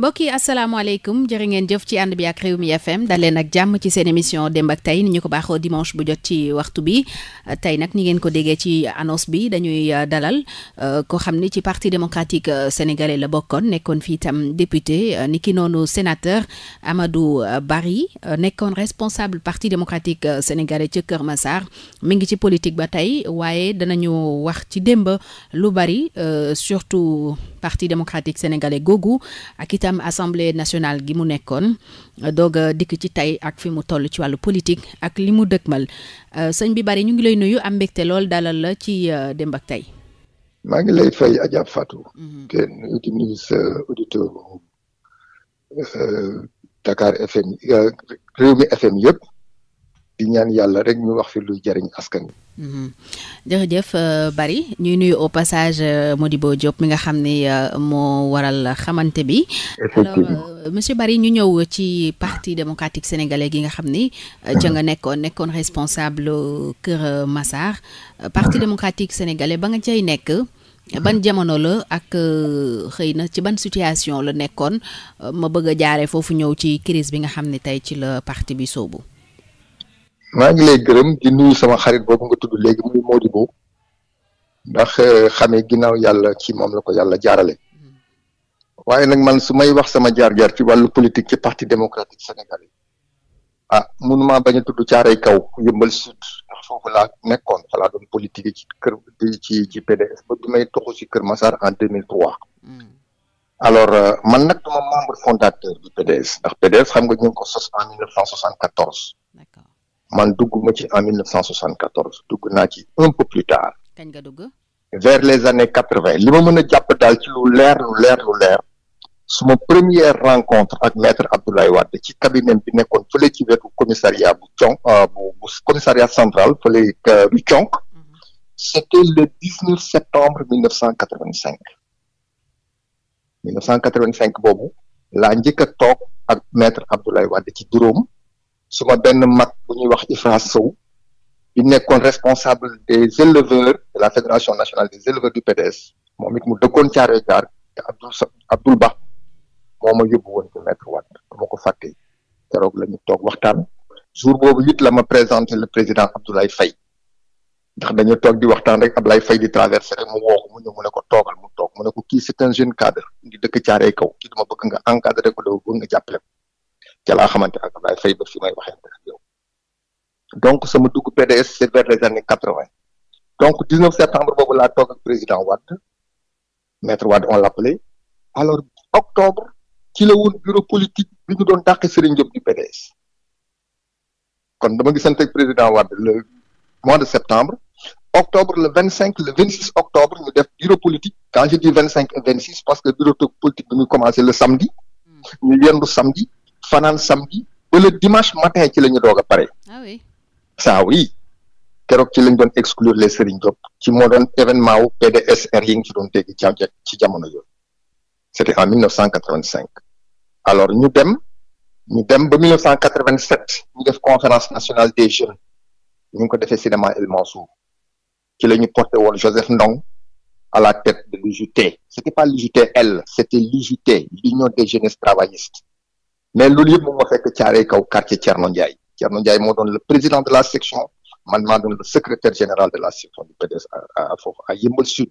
mbokk yi asalaamaaleykum jërë ngeen jëf ci ànd bi ak Rewmi FM dal leen ak jàmm ci seen émission démb ak tey ni ñu ko baaxoo dimanche bu jot ci waxtu bi tey nag ni ngeen ko déggee ci annonce bi dañuy euh, dalal euh, ko xam ni ci parti démocratique euh, sénégalais la bokkoon nekkoon fii itam député ni ki noonu sénateur Amadou Barry nekkoon responsable parti démocratique sénégalais ca Kër Massar mi ngi ci politique ba tey waaye danañu wax ci démb lu bari surtout parti démocratique sénégalais googu itam assemblée nationale gi mu nekkoon doog dikk ci tey ak fi mu toll ci wàllu politique ak li mu dëkkmal euh, sëñ bi bari ñu ngi lay nuyu am mbégte lool dalal la ci euh, démb ak tey. maa ngi lay fay Adja Fatou. te mhm. nuyu di euh, Dakar FM Rewmi FM yëpp. di ñaan yàlla rek ñu wax fi luy jëriñ askan wi. Mm-hmm. jërëjëf euh, Bari ñuy nuyu au passage euh, Modibo Diop bi nga xam ne euh, moo waral xamante bi. effectivement alors monsieur Bari ñu ñëw ci parti démocratique sénégalais gi nga xam ni. ca nga nekkoon nekkoon responsable Kër Massar. parti démocratique sénégalais ba nga cay nekk. ban jamono la ak xëy na ci ban situation la nekkoon ma bëgg a jaaree foofu ñëw ci crise bi nga xam ni tey ci la parti bi soobu. maa ngi lay gërëm di nuyu sama xarit boobu nga tudd léegi muy Modibo ndax euh, xamee ginnaaw yàlla ci moom la ko yàlla jaarale mm-hmm. waaye nag man su may wax sama jaar-jaar ci wàllu politique ci parti démocratique sénégalais ah mënumaa bañ a tudd caaray kaw yëmbal sud ndax foofu laa nekkoon xala laa doon politique ci kër ci ci PDS ba bi may toxu ci Kër Massar en 2003 mm-hmm. alors euh, man nag duma membre fondateur du PDS ndax PDS xam nga ñu ngi ko sos en 1974. man dugguma ci en dugg naa ci un peu plus tard. kañ nga dugg. vers les années quatre-vingt li ma mën a jàpp daal ci lu leer lu leer lu leer suma première rencontre ak maître Abdoulaye Wade ci cabinet bi nekkoon fële ci wetu commissariat bu Thionk euh, bu bu commissariat central fële bu euh, Thionk. Mhm. c'était le septembre boobu laa njëkk a toog ak maître Abdoulaye Wade ci juróom. suma benn mag bu ñuy wax Ifra Sow bi nekkoon responsable des éleveurs de la fédération nationale des éleveurs du PDS moom it mu dëkkoon Thiaroye Gare te Abdoul Abdoul Ba moo ma yóbbu woon ku maître Wade dama ko fàtte keroog la ñu toog waxtaan jour boobu it la ma présenté le président Abdoulaye Faye ndax dañu toog di waxtaan rek Abdoulaye Faye di traversé mu woo ko mu ne ko toogal mu toog mu ne ko kii c'est un jeune cadre di dëkk Thiaroye kaw kii dama bëgg nga encadré ko dama nga jàppale ca laa xamante ak Ablaye Faye ba fi may waxee donc sama dugg PDS c'est vers les années quatre vingt donc dix neuf septembre boobu laa toog président Wade maître Wade on l'appelait alors octobre ci la woon bureau politique bi ñu doon dàq Serigne Diop du PDS kon dama ngi sant président Wade le mois de septembre octobre le vingt cinq le vingt six octobre ñu def bureau politique quand je dis vingt cinq vingt six parce que bureau politique bi ñu commencé le samedi hmm. ñu yendu samedi fanaan samedi ba le dimanche matin ci la ñu doog a pare. ah oui saa oui keroog ci lañ doon exclure les seriñ Diop ci moo doon événement wu PDSR yi nga ci doon dégg ci jamono yooyu c'était en 1985 alors ñu dem ñu dem ba 1987 ñu def conférence nationale des jeunes ñu ngi ko defee cinéma El Mansour ci lañu ñu porté woon Joseph Ndong à la tête de l'UJT c'était pas l'UJTL c'était l'UJT l'Union des jeunesses travaillistes mais loolu yëpp moom ma fekk caaree kaw quartier Thierno Ndiaye Thierno Ndiaye moo doon le président de la section man maa doon le secrétaire général de la section du PDS à foofu Sud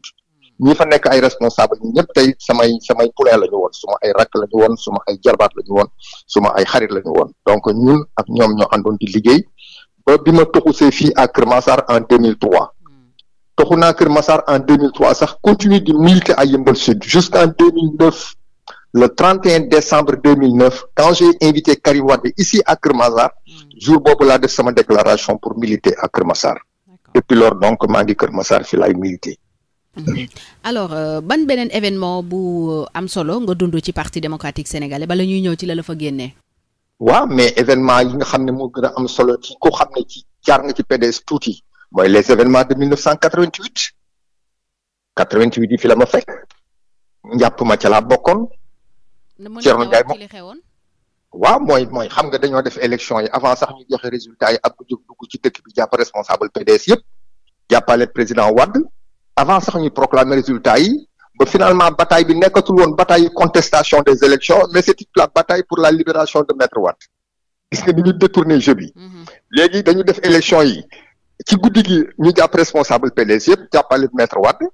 hmm. ñi fa nekk ay responsable ñi tey samay samay poulain la ñu woon suma ay rakk la ñu woon suma ay jarbaat la ñu woon suma ay xarit la ñu woon donc ñun ak ñoom ñoo àndoon di liggéey ba bi ma toxusee fii à Kër Massar en 2003 hmm. toxu naa Kër Massar en 2003 sax continue di militer à Yëmbal le 31 décembre 2009 quand j'ai invité Karim Wade ici à Kër Masar hmm. jour boobu laa def sama déclaration pour militer à Kër Masar depuis lors donc maa ngi Kër Masar fi laay militer. Hmm. alors euh, ban beneen événement bu euh, am solo nga dund ci parti démocratique sénégalais bala ñuy ñëw ci la la fa génnee. waaw mais événement yi nga xam ne moo gën a am solo ci ko xam ne ci jaar nga ci PDS tuuti mooy les événements de 1988 88 yi fi la ma fekk njàpp ma ca laa bokkoon. Thierno Ndiaye moom waaw mooy mooy xam nga dañoo def élection yi avant sax ñu joxe résultat yi Abdou Diouf dugg ci dëkk bi jàpp responsable PDS yëpp jàppale président Wade avant sax ñu proclamer résultat yi ba finalement bataille bi nekkatul woon bataille contestation des élections mais c'est toute la bataille pour la libération de maître Wade gis nga ni ñu détourné jeu bi mhm. léegi dañu def élection yi ci guddi gi ñu jàpp responsable PDS yëpp jàppale maître Wade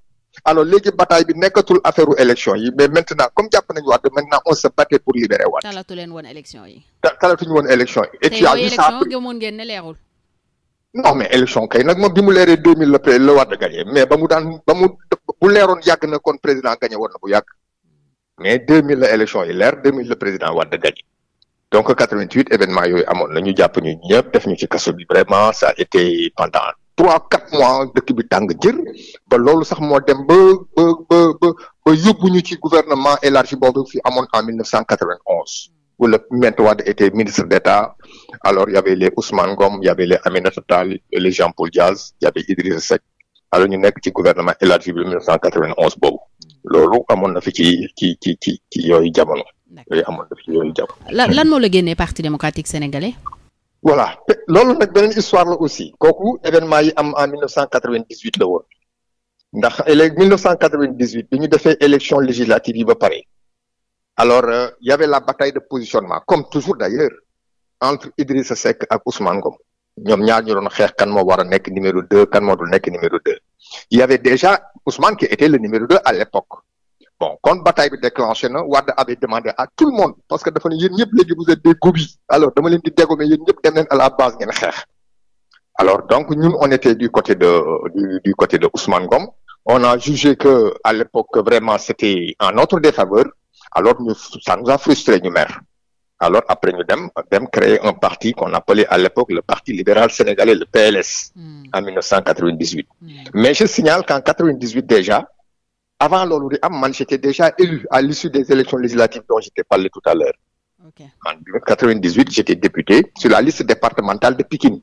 alors léegi bataille bi nekkatul affaire u élection yi mais maintenant comme jàpp nañu Wade maintenant on se battait pour libérer Wade. talatu leen élection yi. talatuñu woon élection yi. et tu as ngeen ne leerul. non mais kay nag moom bi mu deux mille la la Wade mais ba mu bu leeroon yàgg na kon président gagné woon na bu yàgg mais deux mille la élection yi leer deux mille la président Wade gagné. donc 88 événement yooyu amoon na ñu jàpp ñu ñëpp def ñu ci kaso trois quatre mois dëkk bi tàng jër ba loolu sax moo dem ba ba ba ba ba ci gouvernement élargi boobu fi amoon en mille neuf cent quatre vingt onze wala mm. Maître Wade était ministre d'État alors y avait les Ousmane Ngom y le les Aminata Tall les Jean-Paul Diaz y avait Idrissa Seck alors ñu nekk ci gouvernement élargi bi mille neuf cent quatre vingt onze boobu loolu amoon na fi ci ci ci ci ci yooyu jamono yooyu amoon na fi ci yooyu jamono lan moo la génnee Parti démocratique sénégalais voilà loolu nag beneen histoire la aussi kooku événement yi am en 1998 la woon ndax élé 1998 bi ñu defee élection législative yi ba pare alors euh, y avait la bataille de positionnement comme toujours d'ailleurs entre Idrissa Seck ak Ousmane Ngom ñoom ñaar ñu doon xeex kan moo war a nekk numéro deux kan moo dul nekk numéro deux y avait déjà Ousmane qui était le numéro deux à l'époque bon kon bataille bi déclenché na Wade avait demandé à tout le parce que dafa ne ñëpp léegi vous êtes des leen di dégommer yéen ñëpp dem leen à donc ñun on était du côté de du, du côté de Ousmane on a jugé que à l'époque vraiment en notre défaveur alors ñu ça ñu mer alors après ñu dem dem créer un parti qu'on appelait à l'époque le Parti libéral sénégalais le PLS mm. en 1998 mm. mais je signale qu'en 98 déjà avant loolu di am man j'étais déjà élu à l'issue des élections législatives dont je t'ai parlé tout à l'heure okay. en 98 j'étais député sur la liste départementale de Pikine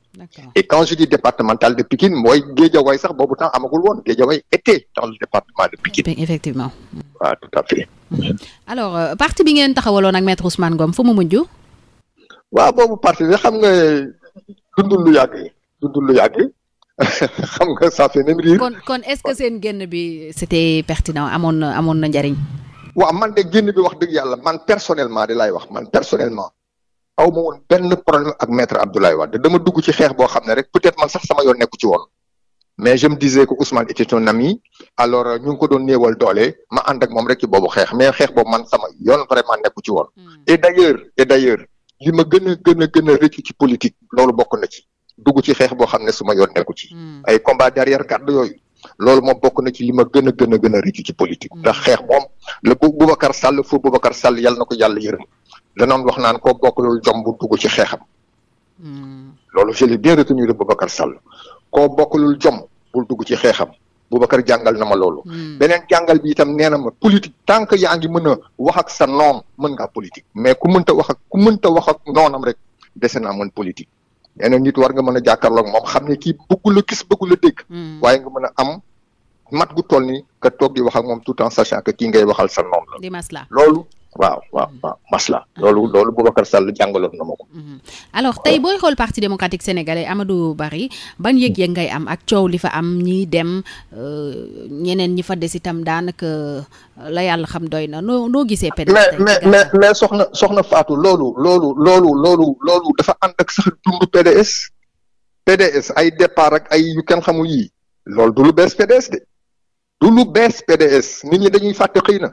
et quand je dis départementale de Pikine mooy Guédiawaye sax boobu temps amagul woon Guédiawaye était dans le département de Pikine effectivement waaw tout à fait mm-hmm. alors euh, parti bi ngeen taxawaloon ak maître Ousmane Ngom fu mu mujj waaw boobu parti bi xam nga dundul lu yàgg dundul lu yàgg xam nga ça fait kon est que seen génn bi c'était pertinent amoon na amoon na njariñ. waaw man de génn bi wax dëgg yalla man personnellement di laay wax man personnellement aw ma woon benn problème ak maître Abdoulaye Wade dama dugg ci xeex boo xam ne rek peut-être man sax sama yoon nekku ci woon mais je me disais que Ousmane était alors euh, ñu ngi ko doon néewal doole ma ànd ak moom rek ci boobu xeex mais xeex boobu man sama yoon vraiment nekku ci woon. Hmm. et d'ailleurs et d'ailleurs li ma gën a gën a gën a ci politique na ci. dugg ci xeex boo xam ne su ma yoon nekku ci. Hmm. ay combat derrière kàddu yooyu. loolu moom bokk na ci li ma gën a gën a gën a rëcc ci politique. Hmm. ndax xeex moom la bu Boubacar Sall fu Boubacar Sall yàlla ko yàlla yërëm danoon wax naan koo bokk loolu jom bu dugg ci xeexam. Hmm. loolu je l'ai bien retenu de Boubacar Sall koo bokkulul jom bul dugg ci jàngal na ma loolu. beneen jàngal bi itam nee na ma politique tant que yaa ngi mën a wax sa noon mën nga politique. mais ku mënta wax ak ku mënta wax ak noonam rek dese naa mën politique. nee na nit war nga mën a jàkkaarloog moom xam ne kii bëggu la gis bëggu la dégg. Hmm. waaye nga mën a am mat gu toll ni ka toog di wax ak moom tout en sachant que kii ngay waxal sa noonu la. loolu waaw waaw waaw masla ah. loolu loolu Boubacar Sall jàngaloon na ma ko. Mm-hmm. alors tey booy xool parti démocratique sénégalais Amadou Barry ban yëg-yëg ngay am ak coow li fa am ñiy dem euh, ñeneen ñi fa des itam daanaka euh, la yàlla xam doy na noo noo gisee. PDS mais mais soxna soxna Fatou loolu loolu loolu loolu loolu dafa ànd ak sax dundu PDS. PDS ay départ ak ay yu kenn xamul yii loolu du lu bees PDS de du lu bees PDS nit ñi dañuy fàtte xëy na.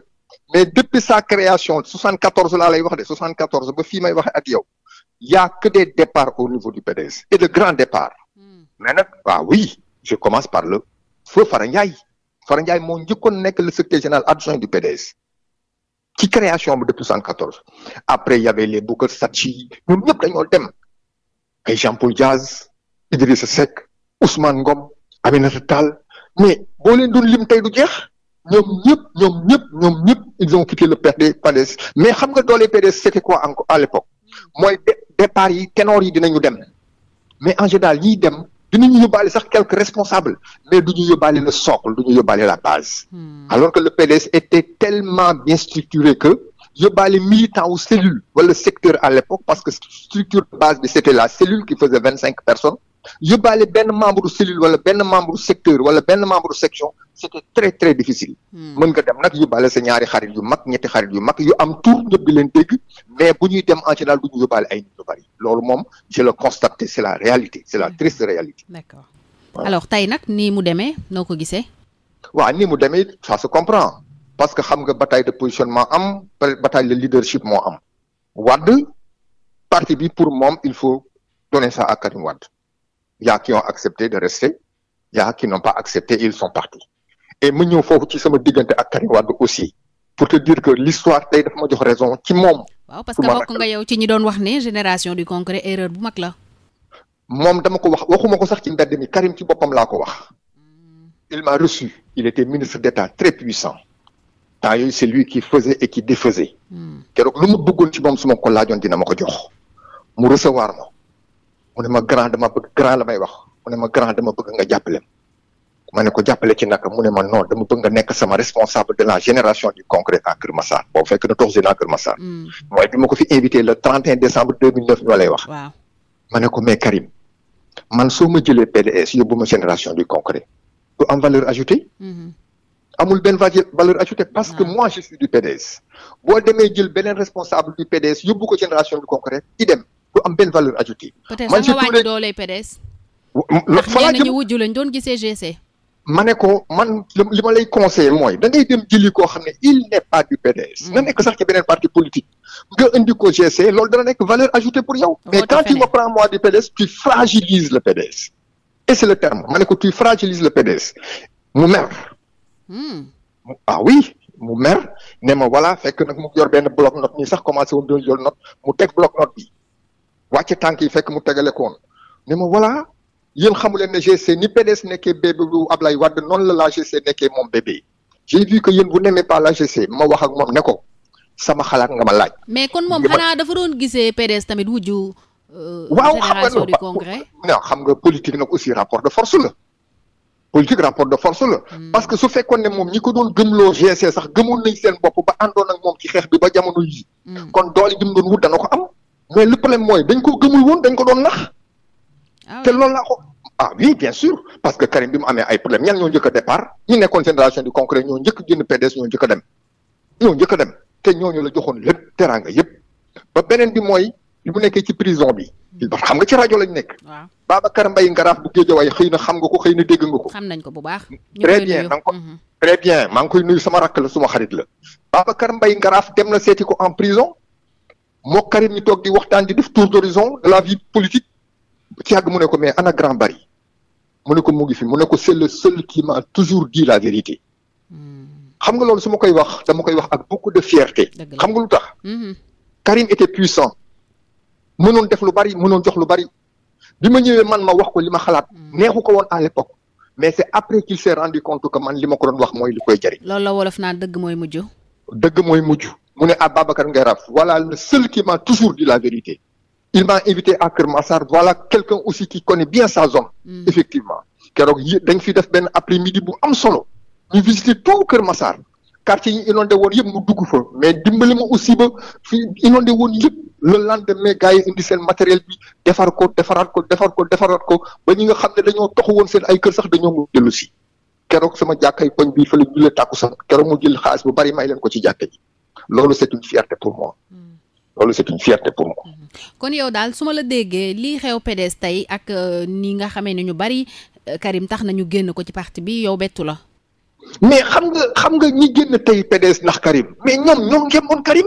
mais depuis sa création 74 lay wax de 74 ba fii may wax ak y' a que des départs au niveau du PDS et de grands départs. Hmm. mais nag waaw ah oui je commence par le feu Fara Ndiaye Fara Ndiaye moo njëkkoon nekk le secrétaire général adjoint du PDS ci création bi depuis 74 après y avait les Boucar Sadji ñun ñëpp dañoo dem ay Jean-Paul Diaz Idrissa Seck Ousmane Ngom Aminata Tall mais boo leen doon lim tey du jeex. ñoom ñëpp ñoom ñëpp ñoom ñëpp ils ont quitté le PDS mais xam nga doole PDS c'était quoi encore à l'époque mooy départ yi ténor yi dinañu dem mais en général ñiy dem dinañu yóbbaale sax quelques responsables mais du ñu yóbbaale le socle du ñu yóbbaale la base hmm. alors que le PDS était tellement bien structuré que yóbbaale militant ou cellule wala secteur à l'époque parce que structure base bi c'était la cellule qui faisait vingt cinq personnes yóbbaale benn membre du cellule wala benn membre secteur wala benn membre section c'était très très difficile. Hmm. mën nga dem nag yóbbaale sa ñaari xarit yu mag ñetti xarit yu mag yu am tur ñëpp leen dégg mais bu ñuy dem en général du ñu yóbbaale ay nit yu bari loolu moom je la constate c'est la réalité c'est la hmm. triste réalité. d'accord alors tey nag nii mu demee noo ko gisee. waaw nii mu demee ça se comprend parce que xam nga bataille de positionnement am bataille de leadership moo am. Wade bi pour moom il faut donner ça à Karim yaa y a qui ont accepté de rester il y a qui n'ont pas accepté et ils sont partis et mu ñëw foofu ci sama diggante ak Karim Wade aussi pour te dire que l'histoire tey dafa ma jox raison ci moom. waaw parce que bokk nga yow ci ñi doon wax ne génération du concret erreur bu mag la. moom dama ko wax waxuma ko sax ci mbedd mi Karim ci boppam laa ko wax. Hmm. il m'a reçu il était ministre d'État très puissant. temps yooyu c'est lui qui faisait et qui défaisait. Hmm. keroog lu ma bëggoon ci moom su ko laajoon dina ma ko jox. mu recevoir mu a ma grand dama bëgg grand la may wax mu a ma grand dama bëgg nga jàppale ma ne ko jàppale ci naka mu ne ma non dama bëgg nga nekk sama responsable de la génération du congrès à Kër Massar boobu fekk mm. bi ma fi invité le 31 décembre 2009 lay wax ma ko mais Karim man soo ma PDS yóbbu ma génération du congrès du am valeur ajoutée mm-hmm. amul benn valeur ajoutée parce que moi je du PDS boo demee jël beneen responsable du PDS yóbbu ko génération du am benn valeur ajoutée. man ci tuuti peut-être doole PDS. fa ñu wujj doon gisee ma ne ko man li ma lay conseiller mooy da ngay dem jëli koo xam ne il n'est mm. na nekk sax ci beneen parti politique. nga indi ko GC loolu dana nekk valeur ajoutée pour yow. mais quand tu me prends moi du PDS tu fragilises le PDS. et c'est le terme ma ne ko tu fragilises le PDS mu mer. Hmm. ah wii mu mer ne ma voilà fekk nag mu yor benn bloc note nii sax commencé woon doon jël note mu teg bloc note bi. wàcc tànk yi fekk mu tegale koon ne ma voilà yéen xamuleen ne GC ni PDS nekkee bébé bu Ablaye Wade noonu la la GC nekkee moom bébé j'ai vu que yéen vous n'aimez pas la GC ma wax ak moom ne ko sama xalaat nga ma laaj. mais kon moom xanaa dafa doon gisee PDS tamit wujju. Euh, waaw xam nga congrès non xam nga politique nag aussi rapport de force la. politique rapport de force la. Hmm. parce que su fekkoon ne moom ñi ko doon gëmloo GC sax gëmoon nañ seen bopp ba àndoon ak moom xeex bi ba jamono yi hmm. kon doole gi mu doon wut dana ko am. mais le problème mooy dañ ko gëmul woon dañ ko doon nax. Ah te loolu laa ko ah oui bien sûr parce que Karim bi mu amee ay problème ñan ñoo njëkk a départ ñu nekkoon génération du concret ñoo njëkk génn PDS ñoo dem ñoo njëkk a dem te ñooñu la joxoon lépp teraanga yépp ba beneen bi mooy bu nekkee ci prison bi parce xam nga ci rajo lañ nekk. waaw Babacar Mbaye Ngaraaf bu Géejawaay xëy na xam nga ko xëy na dégg nga ko. xam nañ ko bu baax. très bien na nga mhm. bien maa ngi koy nuyu sama rakk la suma xarit la. Babacar mbay Ngaraaf dem na seeti ko en prison moo Karim ni toog di waxtaan di def tour d'horizon de la vie politique ci yàgg mu ne ko mais ana Grand Barry mu ne ko mu ngi fi mu ne ko c'est le seul qui m'a toujours dit la vérité hmm. xam nga loolu su ma koy wax dama koy wax ak beaucoup de fierté xam nga lu tax hmm. Karim était puissant mënoon def lu bari mënoon jox lu bari bi ma ñëwee man ma wax ko li ma xalaat hmm. neexu ko woon à l'époque mais c'est après qu'il s'est rendu compte que man li ma ko doon wax mooy li koy jariñ loolu la wolof naan dëgg mooy mujj dëgg mooy mujj mu ne Ababacar ah, Ngaye Raph voilà le seul qui toujours dit la vérité il m'a invité à Kër Massar voilà quelqu'un aussi qui connaît bien sa zone mm. effectivement keroog yi dañ fi def benn après midi bu am solo ñu visiter Kër Massar quartier yi inondé woon yëpp mu dugg fa mais dimbali ma aussi ba fi inondé woon yëpp le lendemain gars yi indi seen matériel bi defar ko defaraat ko defar ko defaraat ko ba ñi nga xam ne dañoo toxu woon seen ay kër sax dañoo mu si keroog sama jàkkay koñ bi fa la julee mu jël xaalis bu bari may leen ko ci jàkka loolu c'est une pour moi kon yow daal su ma la déggee lii xew PDS tey ak euh, ni nga xamee ne ñu bari euh, Karim tax nañu génn ko ci parti bi yow bettu la. mais xam nga xam nga ñi génn tey PDS ndax Karim mais ñoom ñoo ngemboon Karim.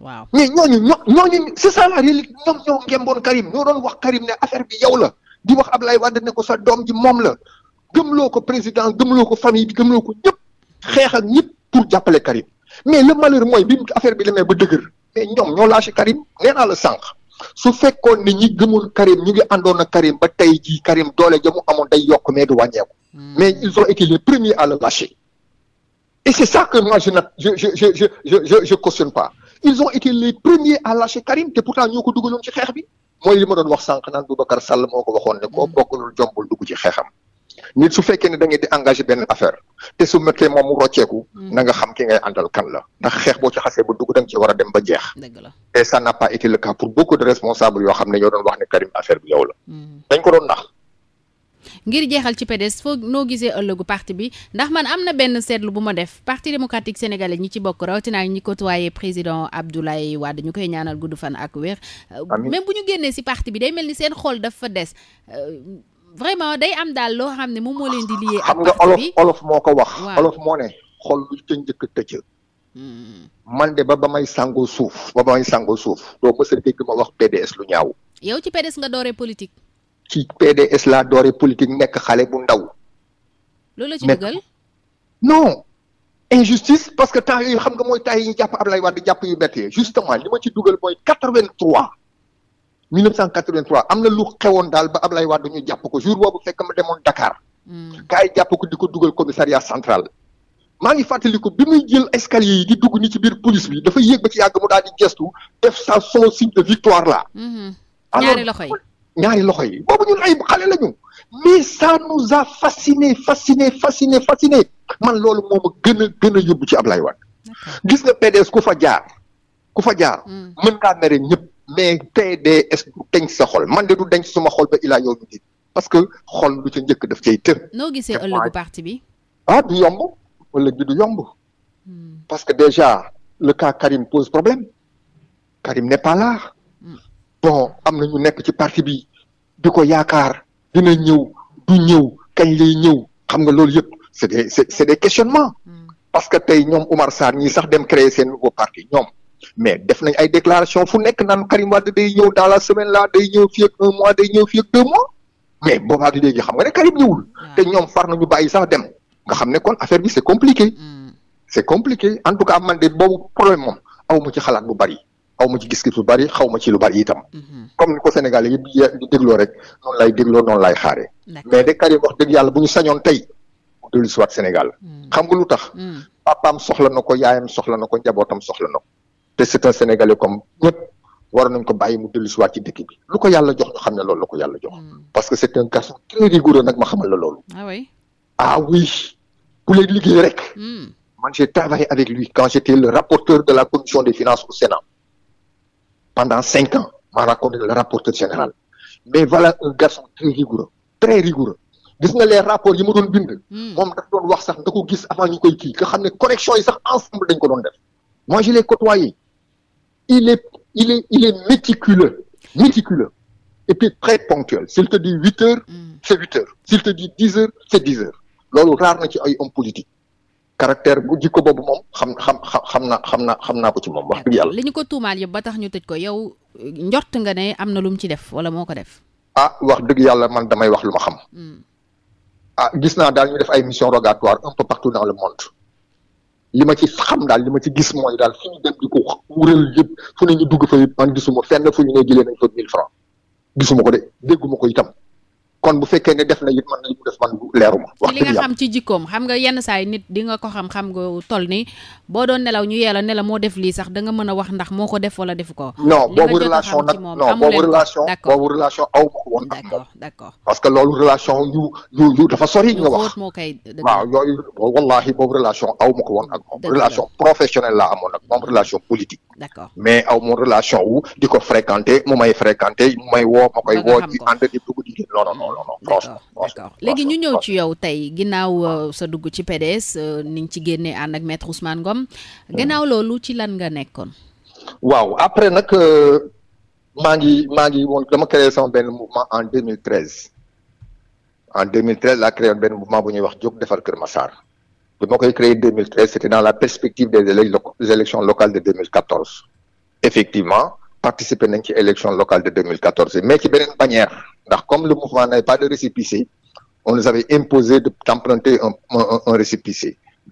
waaw mais ñooñu ñoo ñooñu c'est ça la réalité ñoom ñoo ngemboon Karim ñoo doon wax Karim ne affaire bi yow la di wax Ablaye Wade ne ko sa doom ji moom la gëmloo ko président gëmloo ko famille bi gëmloo ko ñëpp xeex ak ñëpp pour jàppale Karim. mais le malheur mooy bi affaire bi demee ba dëgër mais ñoom ñoo lâché Karim nee la sànq su fekkoon ne ñi gëmoon Karim ñu ngi àndoon ak Karim ba tey jii Karim doole ja mu amoon da yokk mais du wàññeeku. Hmm. mais ils ont été les premiers à le lâcher. et c'est ça que moi je ne je je je je pas ils ont été les premiers à lâcher Karim te pourtant ñoo ko dugaloon ci xeex bi mooy li ma doon wax sànq naan Boubacar Sall moo ko waxoon ne. koo hmm. bokkulul jombul dugg ci xeexam. nit su fekkee ne da ngeen di engagé benn affaire te su mettee moom mu rocceeku mm. na nga xam ki ngay àndal kan la ndax xeex boo ci xasee ba dugg da ci war a dem ba jeex et n'a pas été le cas pour beaucoup de responsables yoo xam ne ñoo doon wax ne la mm. dañ ko doon nax ngir jeexal ci PDS foo noo gisee ëllëgu parti bi ndax man am na benn seetlu bu ma def parti démocratique sénégalais ñi ci bokk rawatina ñi côtoyé président Abdoulaye Wade ñu koy ñaanal gudd fan ak wér. même bu ñu génnee si parti bi day mel ni seen xol dafa des. Euh, vraiment day am daal loo xam ne moom moo leen di lié. xam nga olof olof moo ko wax. olof moo ne xol lu ca njëkk tëj. Hmm. man de ba ba may sàngoo suuf ba ba may sàngoo suuf doo mës a dégg ma wax PDS lu ñaaw. yaw ci PDS nga dooree politique. ci PDS laa dooree politique nekk xale bu ndaw. loolu la ci dugal non. injustice parce que temps yooyu xam nga mooy temps yi ñu jàpp Ablaye Wade jàpp yu métti justement li ma ci dugal mooy quatre-vingt-trois 1983 am na lu xewoon daal ba Ablaye Wade ñu jàpp ko jour boobu fekk ma demoon Dakar. gars hmm. jàpp ko di ko dugal commissariat central. maa ngi fàttaliku bi muy jël escalier yi di dugg ni ci biir police bi dafa yéeg ba ci yàgg mu daal di gestu def sa son signe de victoire là. Hmm. ñaari loxo yi ñaari loxo yi boobu ñun ay xale lañu. mais ça nous a fasciné fasciné fasciné fasciné man loolu moo ma gën a gën a yóbbu ci Ablaye Wade. gis nga PDS ku fa jaar ku fa jaar. Hmm. mën ngaa mere ñëpp. mais tey de est-ce que du denc sa xol man de du denc suma xol ba ilaa yow parce que xol lu ca njëkk def ciy tër. noo gisee ëllëgu parti bi. ah du yomb ëllëg bi du yomb. Hmm. parce que déjà le cas Karim pose problème Karim n'est pas hmm. bon am na ñu nekk ci parti bi di ko yaakaar dina ñëw du ñëw kañ lay ñëw xam nga loolu yëpp c'est des c'est, c'est des hmm. parce que tey ñoom Oumar Sarr ñii sax dem créer seen nouveau parti ñoom. mais def nañ ay déclaration fu nekk naan Karim Wade day ñëw dans la semaine là day ñëw fii ak un mois day ñëw fii ak deux mois mais boobaak léegi xam nga ne Karim ñëwul te ñoom far nañu bàyyi sax dem nga xam ne kon affaire bi c'est compliqué mm. c'est compliqué en tout ca man de boobu problème moom aw ma ci xalaat bu bari aw ma ci gis-gis bu bari xaw ma ci lu bari itam mm-hmm. comme ni ko sénégal yëpp di dégloo rek noonu lay dégloo noonu lay xaaree mais de Karim wax dëgg yàlla bu ñu sañoon tey mu dellu Sénégal mm. xam nga lu tax mm. papaam soxla na ko yaayam soxla na ko njabootam soxla na ko te c'est un sénégalais comme ñëpp war nañ ko bàyyi mu dellu si waat lu ko yàlla jox ñu xam ne lool la ko yàlla jox. Hmm. parce que c'est un garçon très rigoureux nag ma xamal la loolu. ah oui ah lay liggéey rek. Hmm. man j'ai travaillé avec lui quand j'étais le rapporteur de la commission des finances au Sénat pendant cinq ans ma rencontré le rapporteur général mais voilà un garçon très rigoureux très rigoureux gis nga les rapports yi ma doon bind. Hmm. moom dafa doon wax sax nga ko gis avant ñu koy kii nga ne correction yi sax dañ doon def. il est, il est, il est méticuleux, méticuleux, et puis très ponctuel. S'il te dit 8 heures, mm. c'est 8 heures. S'il te dit 10 heures, c'est 10 heures. loolu raar na ci ay homme politique. caractère bu jikko boobu moom xam xam xam na xam na xam naa ko ci moom wax dëgg yàlla. li ñu ko tuumaal yëpp ba tax ñu tëj ko yow njort nga ne am na lu mu ci def wala moo ko def. ah wax dëgg yàlla man damay wax lu ma xam. Mm. ah gis naa daal ñu def ay mission rogatoire un peu partout dans le li ma ci xam daal li ma ci gis mooy daal fu yëpp fu ne ñu dugg fa man gisuma fenn fu ñu ne jëlee nañ fa mille francs gisuma ko de dégguma ko itam kon bu fekkee ne def na it man mu leeruma wax li nga ci jikkoom xam nga yenn saa yi nit di nga ko xam xam nga toll ni boo doon nelaw ñu yeela ne la moo def lii sax da nga mën a wax ndax moo ko def wala defu ko non boobu relation nag non boobu relation boobu relation aw ma moom parce que loolu relation yu yu yu dafa sori nga wax moo koy waaw yooyu wallahi boobu relation aw ma ko woon ak moom relation professionnelle laa amoon ak moom relation politique d'accord mais aw moom relation wu di ko fréquenter mu may fréquenter mu may woo ma koy woo di ànd di dugg di non non non franchement d'accord léegi ñu ñëw ci yow tey ginnaaw euh, sa dugg ci PDS euh, ni nga ci génnee ànn ak maître Ousmane Ngom hmm. gannaaw loolu ci lan nga nekkoon waaw après nag euh, maa ngi maa ngi woon dama créé sama benn mouvement en 2013 en 2013 laa créé woon benn mouvement bu ñuy wax jóg defar Kër Massar bi ma koy créé 2013 dans la perspective des élections locales de 2014 effectivement participer nañ ci élection locale de 2014 mais ci beneen bannière ndax comme le mouvement n'avait pas de récépissé on nous avait imposé de d'emprunter un un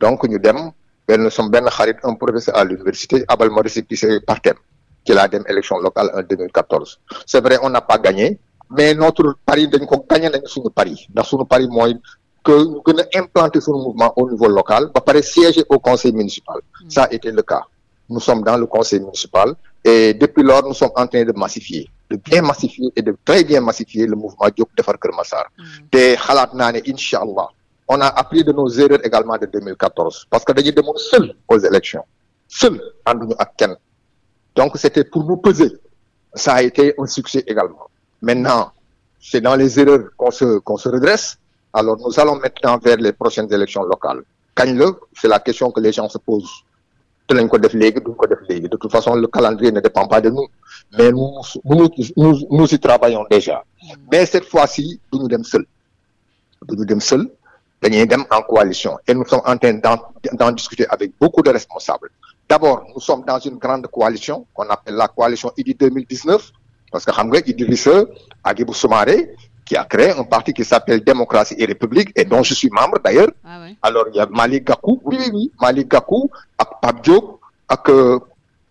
donc ñu dem benn som benn xarit un professeur à l'université abal ma récépissé par thème ci laa dem élection locale en c'est vrai on n'a pas gagné mais notre pari dañ ko gagné nañ suñu pari ndax suñu pari mooy que ñu gën a implanter suñu mouvement au niveau local ba pare siéger au conseil municipal hmm. ça a été le cas nous sommes dans le conseil municipal et depuis lors nous sommes en train de massifier de bien massifier et de très bien massifier le mouvement Jóg Defar Kër Massar mm. te xalaat naa on a appris de nos erreurs également de parce que dañu demoon seul aux élections seul ànduñu ak kenn donc c'était pour nous peser ça a été un succès également maintenant c'est dans les erreurs qu'on se redresse alors nous allons maintenant vers les prochaines la c'est la dinañ ko def léegi duñ ko def léegi de toute façon le calendrier ne dépend pas de nous mais nous nous nous nous y travaillons déjà mais cette fois-ci duñu dem seul duñu dem seul dañuy dem en coalition et nous sommes en train d'en discuter avec beaucoup de responsables d'abord nous sommes dans une grande coalition qu'on appelle la coalition Idy 2019 parce que xam nga Idrissa ak Ibou Soumaré qui a créé un parti qui s'appelle Démocratie et République et dont je suis membre d'ailleurs. Ah ouais. Alors il y a Malick Gakou, oui ak Pape Diop ak euh,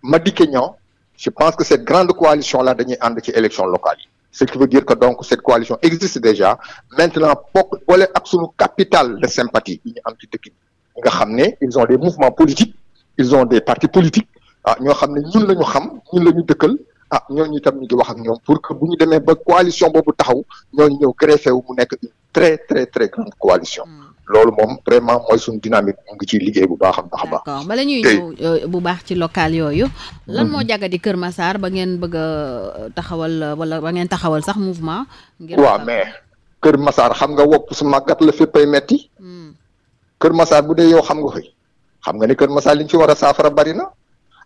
Madické Niang. Je pense que cette grande coalition là dañuy ànd ci élection locale yi. Ce qui veut dire que donc cette coalition existe déjà. Maintenant bokk boole ak sunu capital de sympathie yi ñu Nga xam ne ils ont des mouvements politiques, ils ont des partis politiques. Ah ñoo xam ne ñun la ñu xam, ñun la ñu dëkkal. ah ñooñu itam ñu ngi wax ak ñoom pour que bu ñu demee ba coalition boobu taxaw ñooñu ñëw greffé wu mu nekk une très très très grande coalition. Hmm. loolu moom vraiment mooy suñu dynamique mu ngi ciy liggéey bu baax a baax a baax. d'accord bala ñuy ñëw euh, bu baax ci local yooyu. lan hmm. moo jagadi Kër Massar ba ngeen bëgg taxawal wala ba ngeen taxawal sax mouvement. ngir waaw mais Kër masaar xam nga wopp su màggat la fépp ay metti. Hmm. Kër Massar bu dee yow xam nga koy xam nga ne Kër Massar liñ fi war a saafara bari na.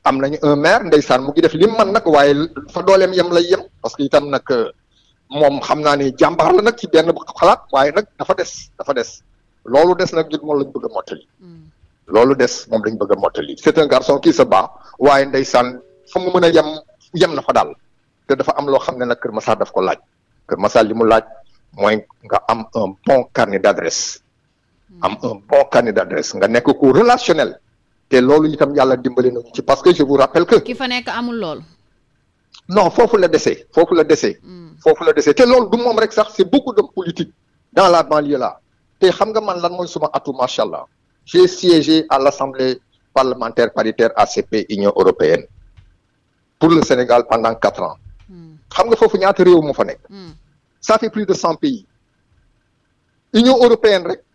am nañu un maire ndeysaan mu ngi def li man nag waaye fa dooleem yem lay yem parce que itam nag euh, moom xam naa ne jàmbaar la nag ci benn xalaat waaye nag dafa des dafa des loolu des nag ñun moom lañ bëgg a hmm. loolu des moom lañ bëgg a mottali c'est un garçon qui se bat waaye ndeysaan fa mu mën a yem yem na fa daal te dafa am loo xam ne nag Kër Massar daf ko laaj Kër Massar li mu laaj mooy nga am un bon carnet d'adresse. Hmm. am un bon carnet d'adresse nga nekk ku relationnel. te loolu itam yàlla dimbali nañu ci parce que je vous rappelle que. ki fa nekk amul lool. non foofu la desee foofu la desee. Hmm. foofu la desee te loolu du moom rek sax c'est beaucoup d'hommes politiques dans la banlieue là te xam nga man lan mooy suma atu macha allah j'ai siégé à l'assemblée parlementaire paritaire ACP Union européenne pour le Sénégal pendant quatre ans. Hmm. xam nga foofu ñaata réew moo fa nekk. Hmm. ça fait plus de cent pays. Union européenne rek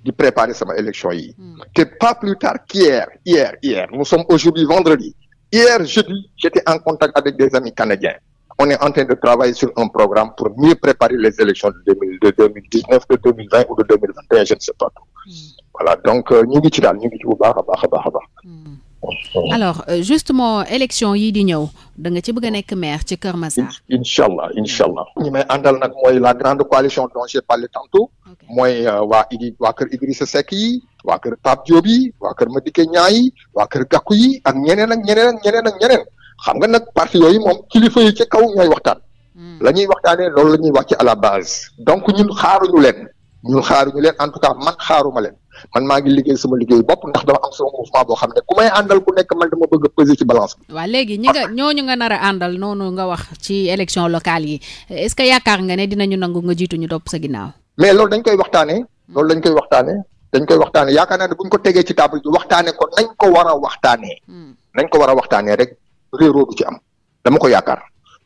di préparer sama élection yi te hmm. pas plus tard qu'hier hier nous sommes aujourd'hui vendredi hier jeudi j'étais en contact avec des amis canadiens on est en train de travailler sur un programme pour mieux préparer les élections de 2002, de ou de je ne sais pas tout hmm. voilà donc euh, ñu ngi ci daal ñu ngi ci bu baax a baax a baax a baax hmm. alors euh, justement élection yii di ñëw da nga ci bëgg a nekk maire ci Kër Massar. incha allah incha allah. ñi may àndal nag mooy la grande coalition dont mooy euh, waa idi waa kër Idrissa Seck yi waa kër Pape Diop yi waa kër Madické Niang yi waa kër Gakou yi ak ñeneen ak ñeneen ak ñeneen ak xam nga nag parti yooyu moom kilifa yi ci kaw ñooy waxtaan hmm. la ñuy waxtaanee loolu la ñuy wàcc à la base donc ñun xaaruñu leen ñun xaaruñu leen en tout cas man xaaruma leen man maa ngi liggéey sama liggéey bopp ndax dama am sama mouvement boo xam ne ku may àndal ku nekk man dama bëgg a ci balance bi. waaw léegi ñi nga ñooñu nga nar a àndal noonu nga wax ci élection locale yi est-ce que yaakaar nga ne dinañu nangu nga jiitu ñu topp sa ginnaaw. mais loolu dañ koy waxtaanee hmm. lool dañ koy waxtaanee dañ koy waxtaanee yaakaar naa ne buñ ko tegee ci table bi ko nañ ko war a waxtaanee. Hmm. nañ ko war a waxtaanee rek réeroo du am dama ko yaakaar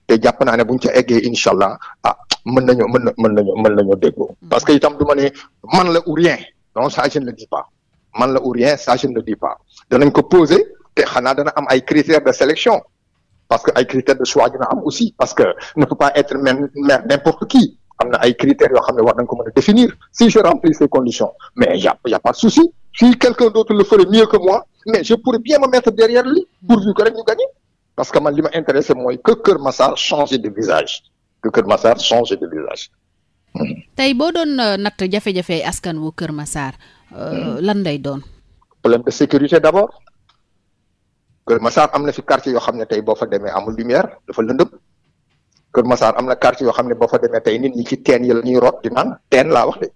te jàpp naa ne bu ñu ca eggee incha allah a ah, mën nañoo mën na mën nañoo mën nañoo déggoo. Hmm. parce que itam du ma ne man la ou rien non ça je le dis man la ou rien ça le dis danañ ko poser te xanaa dana am ay critères de sélection parce que ay critères de choix dina am aussi parce que ne peut pas être maire n'importe am na ay critère yoo xam ne war nañ ko mën a définir si je remplis ces conditions mais y a a pas de souci si quelqu'un d'autre le ferait mieux que moi mais je pourrais bien me mettre derrière lui pourvu que rek ñu gagner parce que man li ma intéressé mooy que Kër Massar changer de visage que Kër Massar hmm. tey boo doon euh, natt jafe-jafe askan wu Kër Massar euh, hmm. lan lay doon. problème de sécurité d'abord Kër Massar am na fi quartier yoo xam ne tey boo fa demee amul lumière dafa lëndëm Kër Massar am na quartier yoo xam ne boo fa demee tey nit ñi teen yi la ñuy root di naan teen laa wax de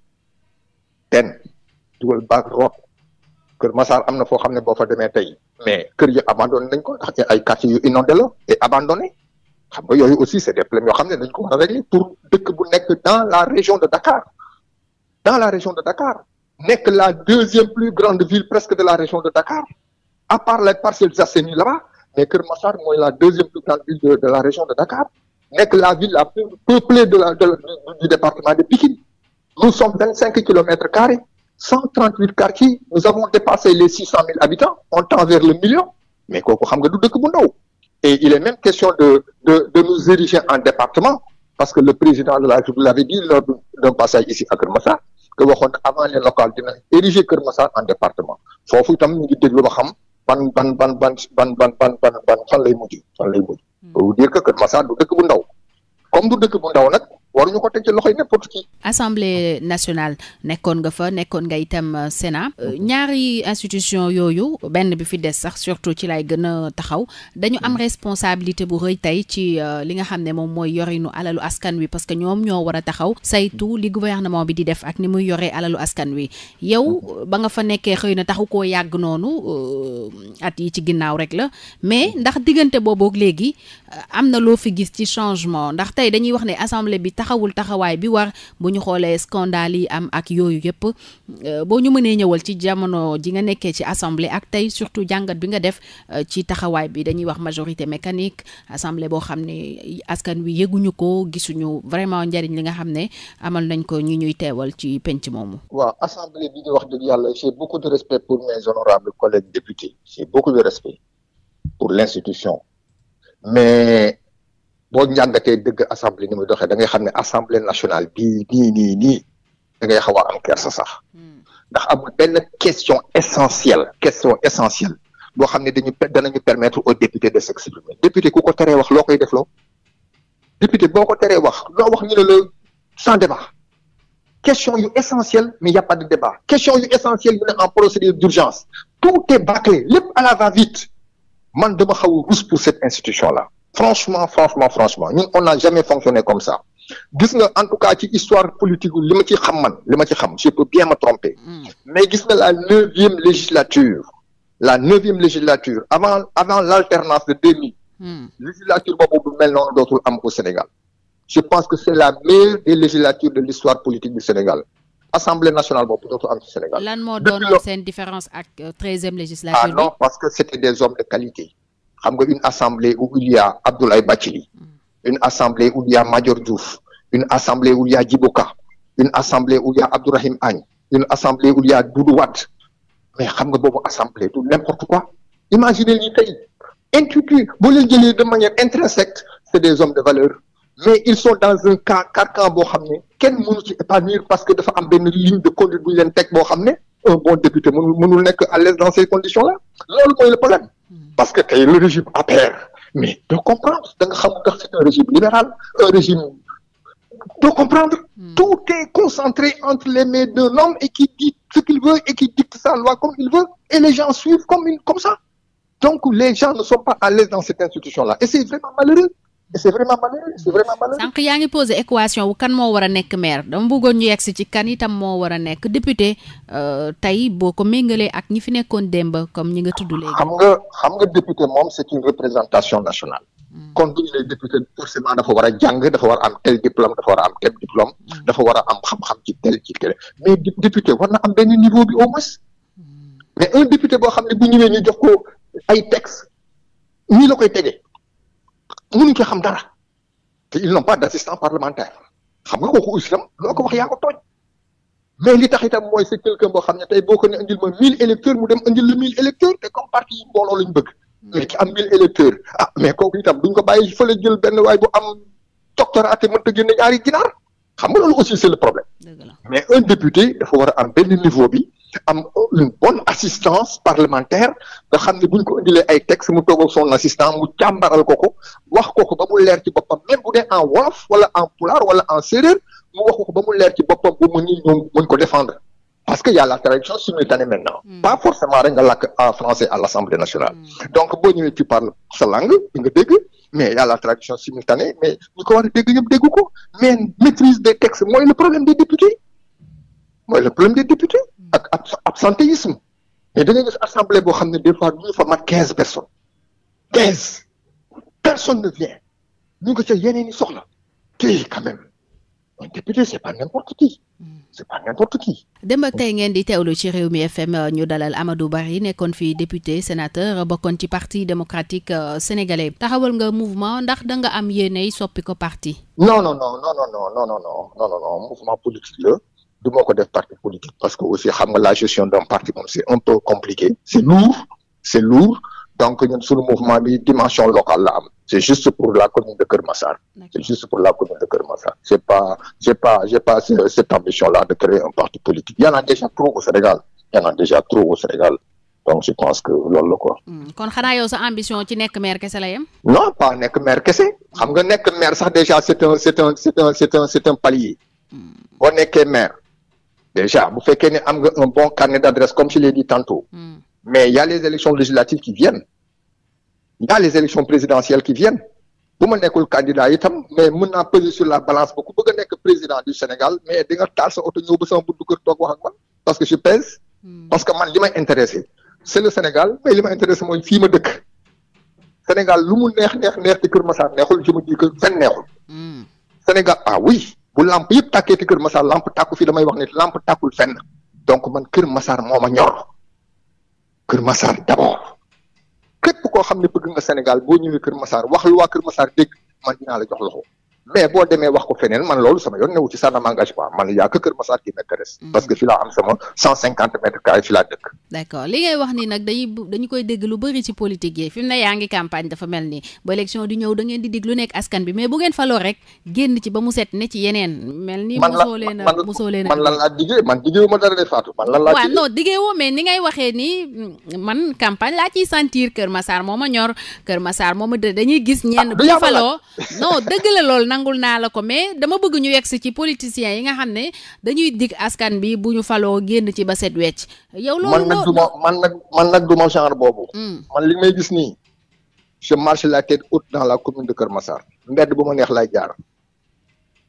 teen dugal baag root Kër Massar am na foo xam ne boo fa demee tey mais kër yi abandonné nañ ko ndax ay quartier yu inondé la et abandonné xam nga yooyu aussi c'est des problèmes yoo xam ne dañ ko war a régler pour dëkk bu nekk dans la région de Dakar dans la de Dakar nekk la deuxième plus grande ville presque de la région de Dakar à part les Parcelles Assainies là-bas mais Kër Massar mooy la deuxième plus la région de Dakar nekk la ville la plus peuplée de la de la du département de Pikine nous sommes vingt cinq kilomètres carrés cent trente huit nous avons dépassé les habitants on tend vers le million mais kooku xam nga du dëkk bu ndaw et il est même question de de de nous ériger en département parce que le président de la République l'avait dit lors que waxoon avant les locales dina ériger Kër Massar en département foofu itam ñu ngi déglu ba xam ban ban ban ban ban ban ban ban lay mujj fan lay mujj pour dire que Kër Massar du dëkk bu ndaw comme du dëkk bu ndaw nag waruñu ko teg ci loxoy n'importe qui. assemblée nationale nekkoon nga fa nekkoon nga itam euh, Sénat euh, ñaari institution yooyu benn bi fi des sax surtout ci lay gën a taxaw dañu am responsabilité bu xëy tey ci euh, li nga xam ne moom mooy yorinu alalu askan wi parce que ñoom ñoo war a taxaw saytu li gouvernement bi di def ak ni muy yore alalu askan wi yow ba nga fa nekkee xëy na taxu koo yàgg noonu at yi ci ginnaaw rek la mais ndax diggante boobook léegi am na loo fi gis ci changement ndax dañuy wax ne assemblée taxawul taxawaay bi war bu ñu xoolee scandale yi am ak yooyu yëpp euh, boo ñu mënee ñëwal ci jamono ji nga nekkee ci assemblée ak tey surtout jàngat bi nga def euh, ci taxawaay bi dañuy wax majorité mécanique assemblée boo xam ne askan wi yëguñu ko gisuñu vraiment njariñ li nga xam ne amal nañ ko ñi ñuy teewal ci penc moomu. waaw assemblée bi di wax dëgg yàlla j'ai beaucoup de respect pour mes honorables collègues députés j'ai beaucoup de respect pour l'institution boo njàngatee dëgg assemblée ni muy doxee da ngay xam ne assemblée nationale bii nii nii nii da ngay xaw a am kersa sax hmm. ndax amul benn question essentielle question essentielle boo xam ne dañu danañu permettre aux députés de s'exprimer député ku ko teree wax loo koy def loo député boo ko teree wax loo wax ñu ne la sans débat question yu essentielle mais y a pas de débat question yu essentielle yu ne en procédure d'urgence tout est bâclé lépp à la va-vite man dama xaw a rus pour cette franchement franchement franchement ñun on n'a jamais fonctionné comme ça gis nga en tout cas ci histoire politique li ma ci xam man li ma ci xam je peux bien me tromper hmm. mais gis la neuvième législature la neuvième législature avant avant l'alternance de 2000 hmm. législature boobu bu mel noonu dootul am au Sénégal je pense que c'est la meilleure des législatures de l'histoire politique du Sénégal Assemblée nationale euh, ah que c'était des xam nga une assemblée où il y a Abdoulaye Bathily mm. une assemblée où il y a Major Diouf une assemblée où il y a Djibo Ka une assemblée où il y a Abdourahim Agne une assemblée où il y a Doudou mais xam nga boobu assemblée tout n'importe quoi imaginez lii tey intuitu boo leen jëlee de manière intrinsèque c'est des hommes de valeur mais ils sont dans un cas carcan boo xam ne kenn mënu ci épanouir parce que dafa am benn ligne de conduite bu ñu leen teg boo xam ne un bon député mënul mënul nekk à l'aise dans ces conditions là loolu mooy le problème parce que le régime APR mais doo comprendre da nga xam ndax c'est un régime libéral un régime doo comprendre hmm. tout est concentré entre les mains d'un homme qui dit ce qu'il veut et qui dicte sa loi comme il veut et les gens suivent comme une comme ça donc les gens ne sont pas à l'aise dans cette institution là et c'est vraiment malheureux c'est vraiment malheureux c'est vraiment malheureux. sànq yaa ngi posé équation wu kan moo war a nekk maire dama bëggoon ñu yegsi ci kan itam moo war a nekk député euh, tey boo ko méngalee ak ñi fi nekkoon démb comme ñi nga tudd léegi. xam nga xam nga député moom c'est une représentation nationale. Hmm. kon bu ñu député forcément dafa war a jàng dafa war a am tel diplôme dafa war a am tel diplôme. Hmm. dafa war a am xam-xam ci tel ci tel mais député war na am benn niveau bi au hmm. boo xam ne bu ñëwee ñu jox ay textes la koy tegee. mënuñ ko xam dara te ils n'ont pas d'assistant parlementaire xam nga kooku aussi tam loo ko wax yaa ko tooñ mais li tax itam mooy c'est quelqu'un boo xam ne tey boo ko ne indil ma mille électeurs mu dem indil la mille électeurs te comme parti yi mbooloo lañ bëgg mais am mille électeurs ah mais kooku itam duñ ko bàyyi fële jël benn waay bu am doctorat te mënta a ñaari ginaar xam nga loolu aussi c'est le problème mais un député dafa war a am benn niveau bi am une bonne assistance parlementaire nga xam ne bu ñu ko indilee ay texte mu toog soon son assistant mu càmbaral ko ko wax ko ko ba mu leer ci boppam même bu dee en wolof wala en pulaar wala en séeréer mu wax ko ba mu leer ci boppam bu mu ñu ko défendre parce que y a la traduction simultanée maintenant mm. pas forcément rek nga làkk en français à l'Assemblée nationale hmm. donc boo ñëwee tu parles sa nga dégg mais y la traduction simultanée mais ñu ko war a dégg ñëpp dégg ko mais maîtrise des textes mooy le problème des députés mooy le problème des députés ak absentéisme mais da ngay gis assemblée boo xam ne des fois du ñu quinze personnes quinze personne ne vient ñu ngi ko ca yeneen i soxla tey quand même un député c'est pas n'importe qui c'est pas n'importe qui démb tey ngeen di teewlu ci réew mi FM ñu dalal Amadou Barry nekkoon fi député sénateur bokkoon ci parti démocratique sénégalais taxawal nga mouvement ndax da nga am yéeney soppi ko parti non non non non non non non non non mouvement politique la du ma ko def parti politique parce que aussi xam nga la gestion d'un parti moom c'est un peu compliqué c'est lourd c'est lourd donc ñun suñu mouvement bi dimension locale la am c'est juste pour la commune de Keur Massar c'est juste pour la commune de Keur j'ai pas j'ai pas cette ambition là de créer un parti politique il y déjà trop au Sénégal il y déjà trop au Sénégal donc je pense que loolu la quoi. Hmm. kon xanaa yow sa ambition ci nekk maire kese la yem. non pas nekk maire kese xam nga nekk maire sax déjà c'est un c'est palier. Hmm. boo nekkee maire déjà bu fekkee ne am nga un bon carnet d'adresse comme Mais il y a les élections législatives qui viennent. Il y a les élections présidentielles qui viennent. bu ma nekkul candidat itam mais mun naa peser sur la balance ba ku bëgg nekk président du Sénégal mais di taal sa oto ñëw ba sama buntu kër toog wax ak man parce que je pèse. Hmm. parce que man li may intéressé. c' le Sénégal mais li ma intéressé mooy fii ma dëkk. Sénégal lu mu neex neex neex Kër Massar neexul je me dis que fenn neexul. Hmm. Sénégal ah oui bu lamp yëpp takkee ci Kër Massar lamp tàkku fii damay wax ne lamp tàkkul fenn donc man Kër Massar moo ma ñor. Kër Massar d'abord képp koo xam ne bëgg nga Sénégal boo ñëwee Kër Massar wax lu waa Kër Massar dégg man dinaa la jox loxo mais boo demee wax ko feneen man loolu sama yoon newu ci ça ne man y a que Kër Massar qui m'intéresse mm-hmm. parce que fi laa am sama cent cinquante mètres carrés fi laa dëkk d'accord li ngay wax ni nag dañu koy dégg lu bëri ci politique yi fi ne yaa ngi campagne dafa mel ni ba élection di ñëw da di dig lu nekk askan bi mais bu ngeen faloo rek génn ci ba mu set ne ci yeneen mel ni mosoo leen a mosoo a man lan laa diggee man ma dara de Fatou man diggee woo mm, ma ñor Kër Massar moo ma dañuy gis ah, la loolu nangul naa la ko mais dama bëgg ñu yegsi ci politiciens yi nga xam ne dañuy dig askan bi bu ñu faloo génn ci ba set wecc yow loolu man nag du man nag man nag du ma genre boobu hmm. man li may gis nii je marche la tête haute dans la commune de Kër Massar mbedd bu ma neex lay jaar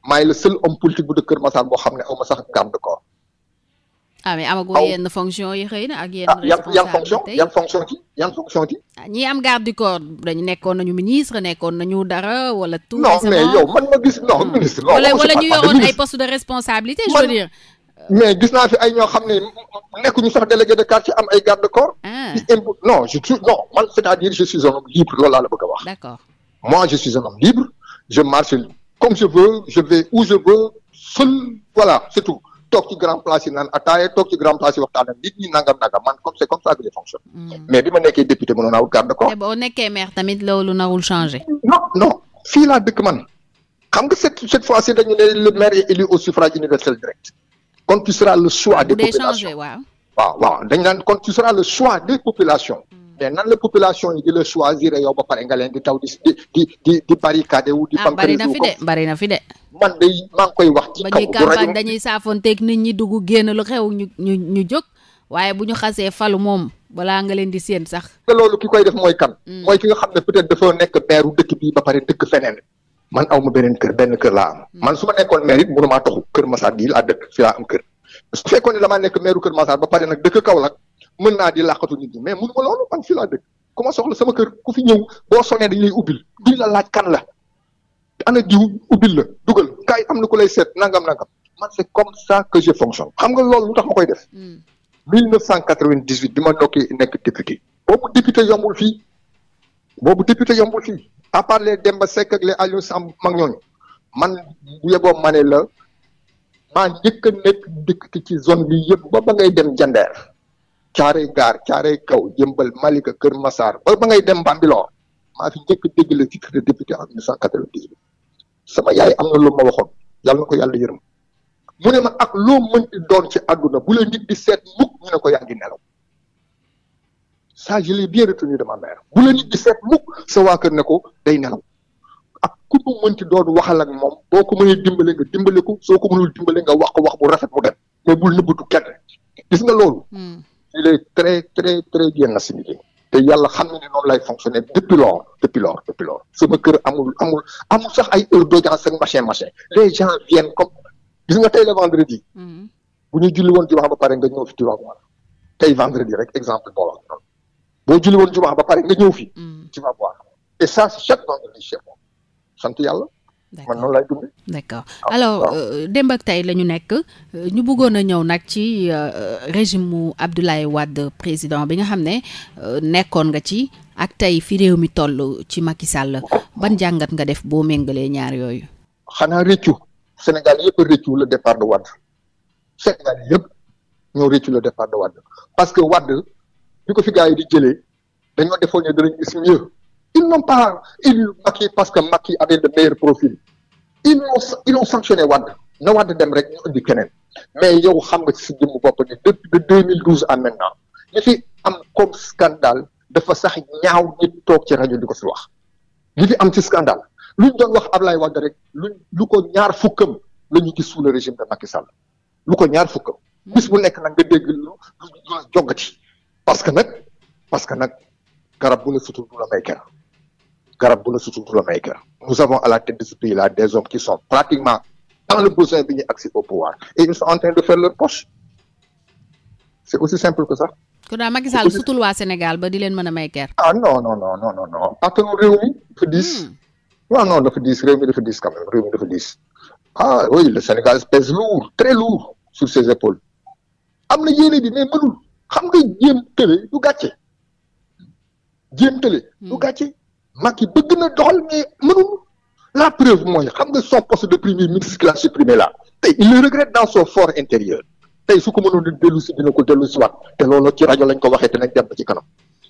maay la seul homme politique bu de Kër Massar boo xam ne aw ma sax garde corps ah mais amagoo yenn fonction yi xëy na ak yenn. responsable ah, yan fonction yan fonction ci yan fonction ci. Ah, ñi am garde du corps dañu nekkoon nañu ministre nekkoon nañu dara wala. tout non mais yow man ma gis non hmm. ministre. non wala wala ñu yoroon ay poste de responsabilité je veux dire. mais gis naa fi ay ñoo xam ne nekkuñu sax délégué de quartier am ay garde corps. Ah. di impo non je suis non man c'est-à-dire je suis un homme libre loolu laa la bëgg a wax. d'accord moi je suis un homme libre je marche comme je veux je vais où je veux seul voilà c'est tout. toog ci grand place yi naan ataaya toog ci grand place yi waxtaan ak nit ñi nangam nangam man comme c'est comme ça que je fonctionne. Mm. mais bi ma nekkee député mënoon naa wut garde corps. te boo nekkee maire tamit loolu nawul changé. non non fii laa dëkk man xam nga cette cette fois ci dañu ne le maire est élu au suffrage universel direct. kon tu seras le choix des populations waaw kon tu seras le mais nan la population yi di la choisir yow ah, ba pare nga leen di taw di di di di barricade wu. di bari na fi de bari fi de. man de maa ngi koy wax. ci kaw bu rajo dañuy saafoonteeg nit ñi dugg génn lu xew ñu ñu ñu jóg waaye bu ñu xasee falu moom. balaa nga leen di séen sax. loolu ki koy def mooy kan. Mm. mooy ki nga xam ne peut-être dafa nekk maire dëkk bii ba pare dëkk feneen. man aw ma beneen kër benn kër laa am. Mm. man su ma nekkoon maire it mënumaa toxu kër Massar gii laa dëkk fi laa am kër. su nekk maire kër Massar ba pare nag dëkk Kaolack mën naa di làqatu nit ñi mais mënu ma loolu man fii laa soxla sama kër ku fi ñëw boo sonee dañ lay ubbil duñ la laaj kan la ana jiw ubbil la dugal kaay am na ku lay seet nangam nangam man c'est comme ça que je fonctionne xam nga loolu lu tax ma koy def. 1998 hmm. bi ma nokki nekk député boobu député yombul fii boobu député yombul fii à part les Demba Seck ak les Aliou Samb mag ñooñu man bu yeboo ma ne la maa njëkk a nekk député ci zone bi yëpp ba ngay dem jandeer caaray gaar caaray kaw jëmbal Malika Kër Massar ba ba ngay dem Bambilor maa fi njëkk dégg la titre de député en 1998 sama yaay am na lu ma waxoon yàlla na ko yàlla yërëm mu ne ma ak loo mënti doon ci àdduna bula la nit di seet mukk ñu ne ko yaa ngi nelaw ça je l'ai bien retenu de ma bu nit di seet mukk sa waa kër ne ko day nelaw ak ku mu mënti doon waxal ak moom boo ko mënee dimbale nga dimbale ko soo ko mënul dimbale nga wax ko wax bu rafet mu dem mais bul nëbbatu gis nga loolu. Hmm. il est très très très bien assimilé te yàlla xam na ne noonu lay fonctionner depuis lors depuis lors depuis lors sama kër amul amul amul sax ay heure d'audience ak machin machin les gens viennent comme gis nga tey vendredi. Mm-hmm. bu ñu woon jumaa ba pare nga ñëw fi Tivaouane tey vendredi rek exemple boo wax noonu boo julli ba pare nga ñëw fi. Mm-hmm. tu vas voir et ça chaque vendredi chez moi sant yàlla. man noonu laay dundee. d'accord ah, ah. Euh, ak tey la ñu nekk euh, ñu bëggoon a ñëw nag ci euh, régime mu Abdoulaye Wade président bi nga xam ne nekkoon nga ci ak tey fi réew mi toll ci Macky Sall ban jàngat nga def boo méngalee ñaar yooyu. xanaa rëccu Sénégal yëpp rëccu le départ de Wade Sénégal yëpp ñoo rëccu le départ de Wade parce que Wade bi ko fi gars yi di jëlee dañoo defoon ne danañ gis mieux. Ils n'ont pas élu Macky parce que Macky avait le meilleur profil. Ils ont, ils ont sanctionné na Wade dem rek ñu indi keneen mais yow xam nga si jëmm bopp ni depuis de 2012 à maintenant li fi am comme scandale dafa sax ñaaw nit toog ci rajo di ko si wax li fi am ci scandale luñ doon wax am Ablaye Wade rek luñ lu ko ñaar fukkam la ñu gis sous le régime de Macky Sall lu ko ñaar fukkam bis bu nekk na nga dégg lu jogati parce que nag parce que nag garab bu la sutul du garab bu la sutur la may ker nous avons à la tête de des hommes qui sont pratiquement dans le besoin bi ñu accès au pouvoir et ils sont en train de faire leur poche c'est aussi simple que ça. kon daal Macky sutul waa Sénégal ba di leen mën a may ker. ah non non non non non attanu réew mi dafa diis. waaw hmm. non dafa diis réew mi dafa diis quand même réew mi dafa diis ah oui le Sénégal pèse lourd très lourd sur ses épaules am na yéene bi mais mënul xam nga jéem tële du gàcce jéem Macky bëgg na doxal mais mënul la preuve mooy xam nga son poste de premier ministre qu'il a supprimé là tey il le regrette dans son fort intérieur tey su ko mënoon di dellu si dina ko dellu si waat te loolu ci rajo lañ ko waxee dinañ dem ba ci kanam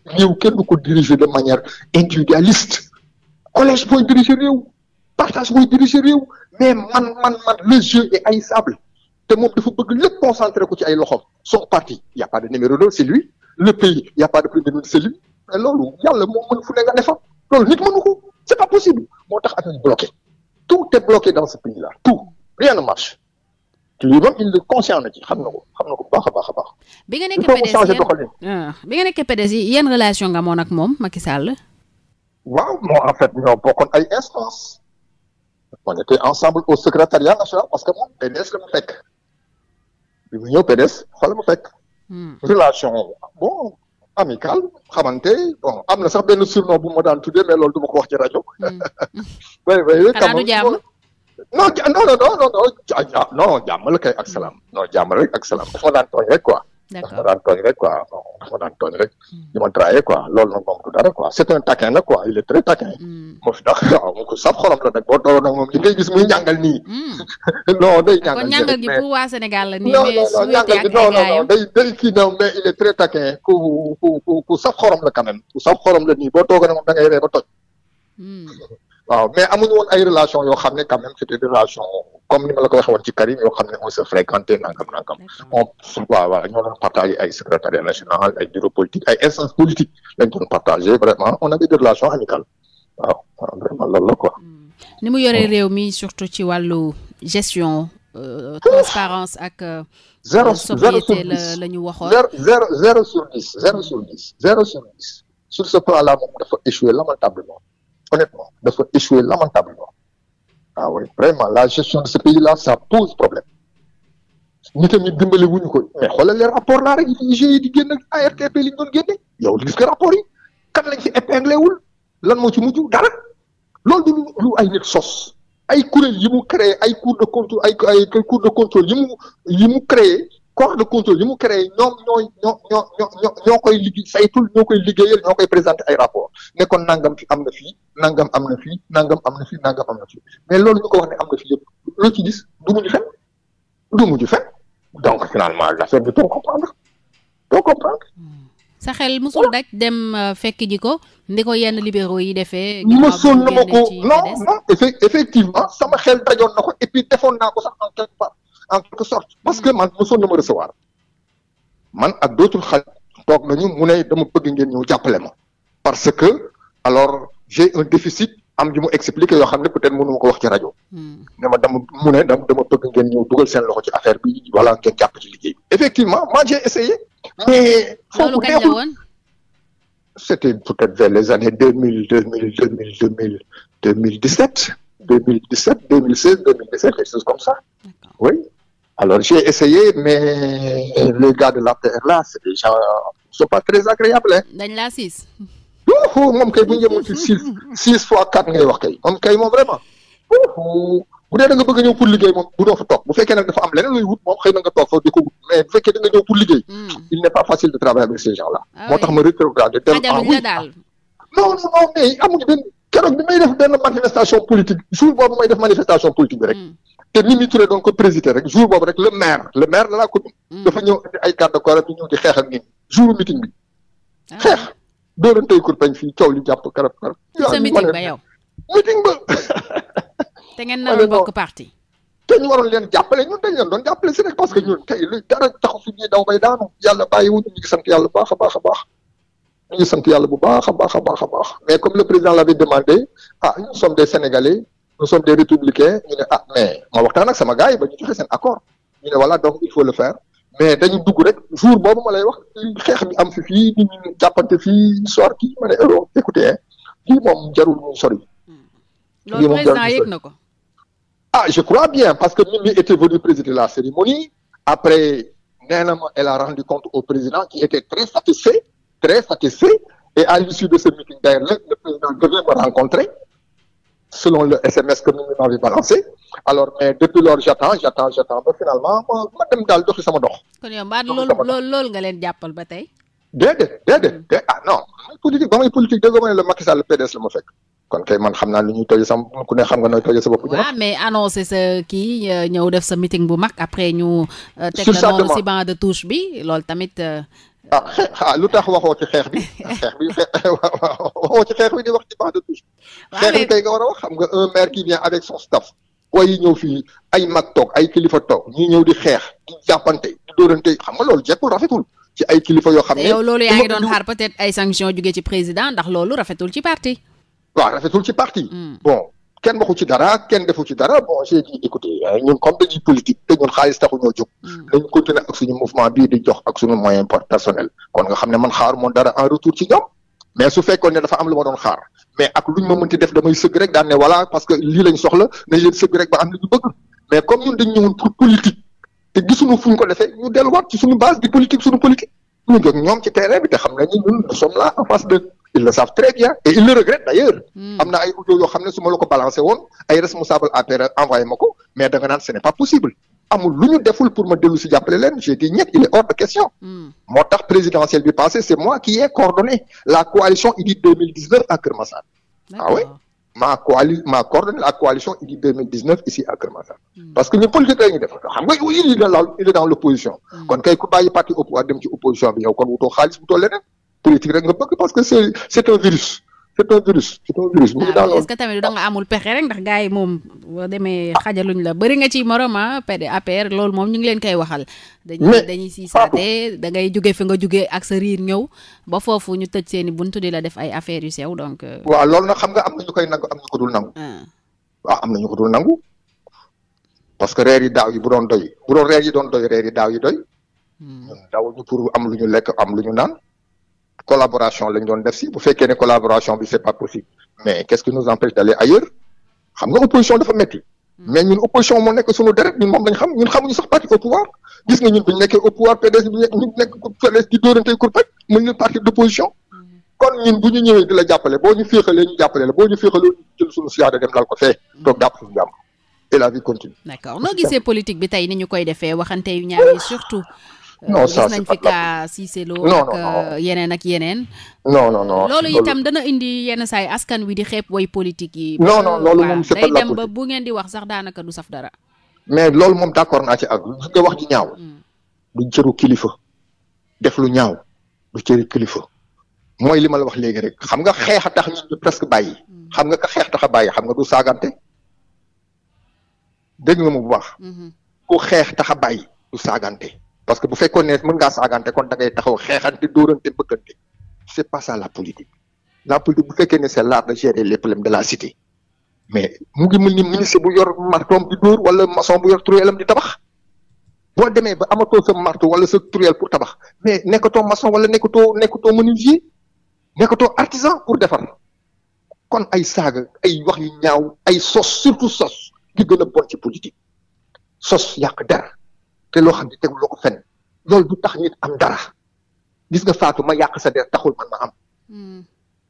réew kenn ko diriger de manière individualiste collège mooy diriger réew partage mooy diriger réew mais man man man le jeu est haïssable te moom dafa bëgg lépp ko ci ay loxoom son parti y a pas de numéro deux c'est lui le pays y a pas de premier ministre c'est lui loolu yàlla moo mën fu ne nga defar loolu nit mënu c'est pas possible moo tax affaire bloqué tout est bloqué dans ce pays là tout rien ne marche lii moom il est conscient ci xam na ko xam na ko bu baax a bi nga nekk PDS ah. yéen relation nga amoon ak moom Macky Sall. waaw moo en fait ñoo bokkoon ay instance on était ensemble au secrétariat national parce que moom PDS la ma fekk bi mu ñëw PDS fekk. Hmm. relation bon. amical xamante bon am na sax benn surnom bu ma daan tuddee mais loolu du ma ko wax ci rajo. oui mm. oui. xanaa du jàmm non non non non non jàmm kay ak salaam non jàmm rek ak salaam dafa daan tooñ rek quoi. ndax ma daan tooñ rek quoi bon hmm. ma daan tooñ loolu nag moom du dara quoi c'est taquin ko hmm. saf xolam la nag boo toog nag moom li ngay gis muy hmm. la nii non non na mais il taquin ku ku saf xorom la quand même ku saf xorom la nii boo toog waaw mais amuñu woon ay relation yoo xam ne quand même comme ni ma la ko waxee woon ci Karim yoo xam ne on se fréquentait nangam nangam on waaw waaw ñoo doon partagé ay secrétariat national ay bureau politique ay instance politique lañ doon partagé vraiment on avait des relations amicales waaw waaw vraiment hmm. mu yoree réew mi surtout ci wàllu gestion euh, transparence ak euh, zéro sobriété la la ñu waxoon zéro zéro sur dix zéro sur dix zéro sur dix sur ce plan là moom dafa échoué lamentablement honnêtement dafa échouer lamentablement ah oui vraiment la gestion de ce pays là ça pose problème ñi tamit dimbali wuñu ko mais xoolal les rapports là rek IGE di génn ak ARTP li ñu doon génne yow gis nga rapport yi kan lañ ci épinglé wul lan moo ci mujj dara loolu lu ay nit sos ay kuréel yi mu créé ay cours de contrôle ay ay cours de contrôle yi yi mu créé corps de contrôle yi mu créé ñoom ñooy ñoo ñoo ñoo ñoo koy liggéey saytul ñoo koy liggéeyal ñoo koy présenté ay rapport ne nangam fi am na fii nangam am na fii nangam am na fii na mais loolu ñu ko wax ne am na fii yëpp ci gis du mujj fen du mujj fen donc finalement l'affaire bi doo comprendre doo comprendre. Hmm. sa xel musul daj dem euh, fekk ji ko ni ko yenn libéraux yi defee. musul na ma ko non non effectivement sama xel dajoon na ko et defoon naa ko sax en en quelque sorte parce que man mosoon na ma recevoir man ak dootul xaj toog nañu mu ne dama bëgg ngeen ñëw jàppale ma parce que alors j'ai un déficit am ji mu expliqué yoo xam ne peut-être mënu ma ko wax ci rajo mm. ne ma dama mu ne dama bëgg ngeen ñu dugal seen loxo ci affaire bi wala ngeen jàpp ci liggéey bi effectivement moi j'ai essayé mais foofu neexul c'était peut-être vers les années deux mille deux mille deux mille deux mille deux dix-sept deux mille seize deux mille dix-sept comme ça Alors j'ai essayé, mais euh, les gars de l'APR là, c'est des gens sont pas très agréables. Hein. dañ laa siis. wuuxu moom kay bu ñu yemoon ci six six fois quatre ngay wax kay moom kay moom vraiment. wuuxu bu dee nga bëgg a ñëw pour liggéey moom bu doo fa toog bu fekkee nag dafa am leneen luy wut moom xëy na nga toog fa di wut mais bu fekkee nga ñëw pour liggéey. Hmm. il n'est pas facile de travailler avec ces gens là. Ah moo tax ma rétrogradé. tel ah oui non mais amuñu bi may def benn te Mimi Touré doon ko présider rek jour boobu rek le maire le maire de la commune. Hmm. dafa ñëw indi ay garde corps bi ñëw di xeex ak ñun jour meeting bi. Ah. xeex dooleem tey kurpeñ fii coow li jàpp karab karab. sa meeting ba yow meeting ba. te ngeen naroon bokk parti. te ñu waroon leen jàppale ñun dañ leen doon jàppale si rek parce que hmm. ñun tey lu dara taxu fi ñuy daw bay daanu yàlla bàyyi wuñu ñu a baax ñu ngi sant yàlla bu baax a baax a baax a mais comme le président l'avait demandé ah nous sommes des nous sommes des républicains ñu ne ah mais ma waxtaan ak sama yi ba ñu joxe seen accord ñu ne voilà donc il faut le faire mais dañu dugg rek jour boobu ma lay wax xeex bi am fi fii nit ñu jàppante fii histoire ma ne euro oh, écoutez kii moom jarul ñu sori. Hmm. loolu président yëg na ah je crois bien parce que Mimi était venu présider la cérémonie après nee na ma elle a rendu compte au président qui était très satisfait très satisfait et à l'issue de ce meeting d'ailleurs le président devait selon le SMS que Mimi m'avait balancé alors mais depuis lors j'attends j'attends j'attends ba finalement ma ma dem daal doxi sama dox. kon yow mbaa loolu loolu nga leen jàppal ba tey. déedéet déedéet hmm. déedéet ah non politique ba may politique dëgg ma ne la Macky Sall PDS la ma fekk. kon kay man xam naa lu ñuy tojee sama ku ne xam nga nooy tojee sa bopp. waaw mais annoncé sa kii euh, ñëw def sa meeting bu mag après ñu. Euh, teg la noonu si de touche bi loolu tamit. Euh, Ah, ah lu tax waxoo ci xeex bi xeex bi waxoo ci xeex bi di wax ci banc de touche xeex bi kay nga war a wax xam nga un maire qui vient avec son staff waaye ñëw fii ay mag toog ay kilifa toog ñi ñëw di xeex di jàppante di dóorante xam nga loolu jekkul rafetul ci ay kilifa yoo xam ne yow loolu yaa ngi doon xaar peut-être ay sanctions jógee ci président ndax loolu rafetul ci parti wa rafetul ci parti hmm. bon kenn waxu ci dara kenn defu ci dara bon j'ai dit écoutez euh, ñun comme dañuy politique te ñun xaalis taxu ñoo jóg mm. dañu continuer ak suñu mouvement bii di jox ak suñu moyen personnel kon nga xam ne man xaar moom dara en retour ci ñoom mais su fekkoon ne dafa am lu ma doon xaar mais ak luñ ma mënti def damay sëgg rek daan ne voilà parce que lii lañ soxla nañ leen sëgg ba am li bëgg mais comme ñun dañ ñëwoon politique te gisuñu fuñ ko defee ñu delluwaat ci suñu base di politique suñu ñu jóg ñoom ci terrain bi te xam nañu ñun nous en face de ils le savent très bien et ils le regrettent d'ailleurs hmm. am na ay audio yoo xam ne su ma la ko balancé woon ay responsable APR envoyé ma ko mais da nga naan ce n'est pas possible amul lu ñu deful pour ma dellu si jàppale leen j'ai dit ñett il est hors de question hmm. moo tax présidentielle bi passé c'est moi qui ai coordonné la coalition Idy 2019 à Keur Massar ah oui ma coali ma coordonné la coalition IDI 2019 ici à Kër Massar. Hmm. parce que ñun politique la def xam nga il est dans il dans l' hmm. kon kay ku bàyyi parti au pouvoir dem ci opposition bi yow kon wutoo xaalis wutoo leneen politique rek nga bëgg parce que c' un virus. c'est un virus c'est un virus. mu ngi ah, daal est-ce que tamit da nga amul pexe rek ndax gaa yi moom demee xajaluñ la bëri nga ci morom ah PD lool moom ñu ngi leen koy waxal. dañuy dañuy si saate jóge fi nga jóge ak sa riir ñëw ba foofu ñu tëj seeni buntu di la def ay affaires yu sew donc. Euh. waaw loolu nag xam nga am na ñu koy nangu am na ñu ah. Ah, am na ñu ko parce que reer yi daaw yi bu doon doy bu doon reer yi doon doy reer daaw yi doy. ñun hmm. dawuñu pour am lu ñu lekk am lu ñu naan. collaboration lañ doon def si bu fekkee ne collaboration bi c'est pas possible mais qu'est-ce qui nous empêche d'aller ailleurs xam nga opposition dafa metti mais ñun opposition moo nekk suñu deret ñun moom lañ xam ñun xamuñu sax parti au pouvoir gis nga ñun bu ñu nekkee au pouvoir PDS bi ñu nekk PDS di dóorante kurpaj mu ñu parti d'opposition kon ñun bu ñu ñëwee di la jàppale boo ñu féexalee ñu jàppale la boo ñu féexalee ñu jël la vie ñu non ça gis nañ fi ka Cissé ak yeneen ak yeneen non non loolu itam dana indi yenn saay askan wi di xep woy politique yi non non loolu moom c'est pas la bu ngeen di wax sax daanaka du saf dara mais loolu moom d'accord naa ci ak su wax ji ñaaw mm. du cëru kilifa def lu ñaaw du cëru kilifa mooy li ma la wax léegi rek xam nga xeex a tax ñu presque bàyyi mm. xam nga ka tax a bàyyi xam nga du saagante dégg nga mu bu baax mm-hmm. ku xeex tax a bàyyi du saagante parce que bu fekkoon ne mën ngaa saagante kon da ngay taxaw xeexante dóorante bëggante c' est pas ça la la politique bu fekkee ne c' est l' art de gérer de la cité mais mu ngi mun ni ministre bu yor martoom di dóor wala maçon bu yor truelam di tabax boo demee ba amatoo sa marto wala sa truelle pour tabax mais nekkatoo maçon wala nekkatoo nekkatoo menuisier nekkatoo artisan pour defar kon ay saaga ay wax yu ñaaw ay sos surtout sos ki gën a bon ci politique sos dara te loo xam ne teguloo ko fenn du tax nit am dara gis nga faatu ma yàq sa taxul man ma am hmm.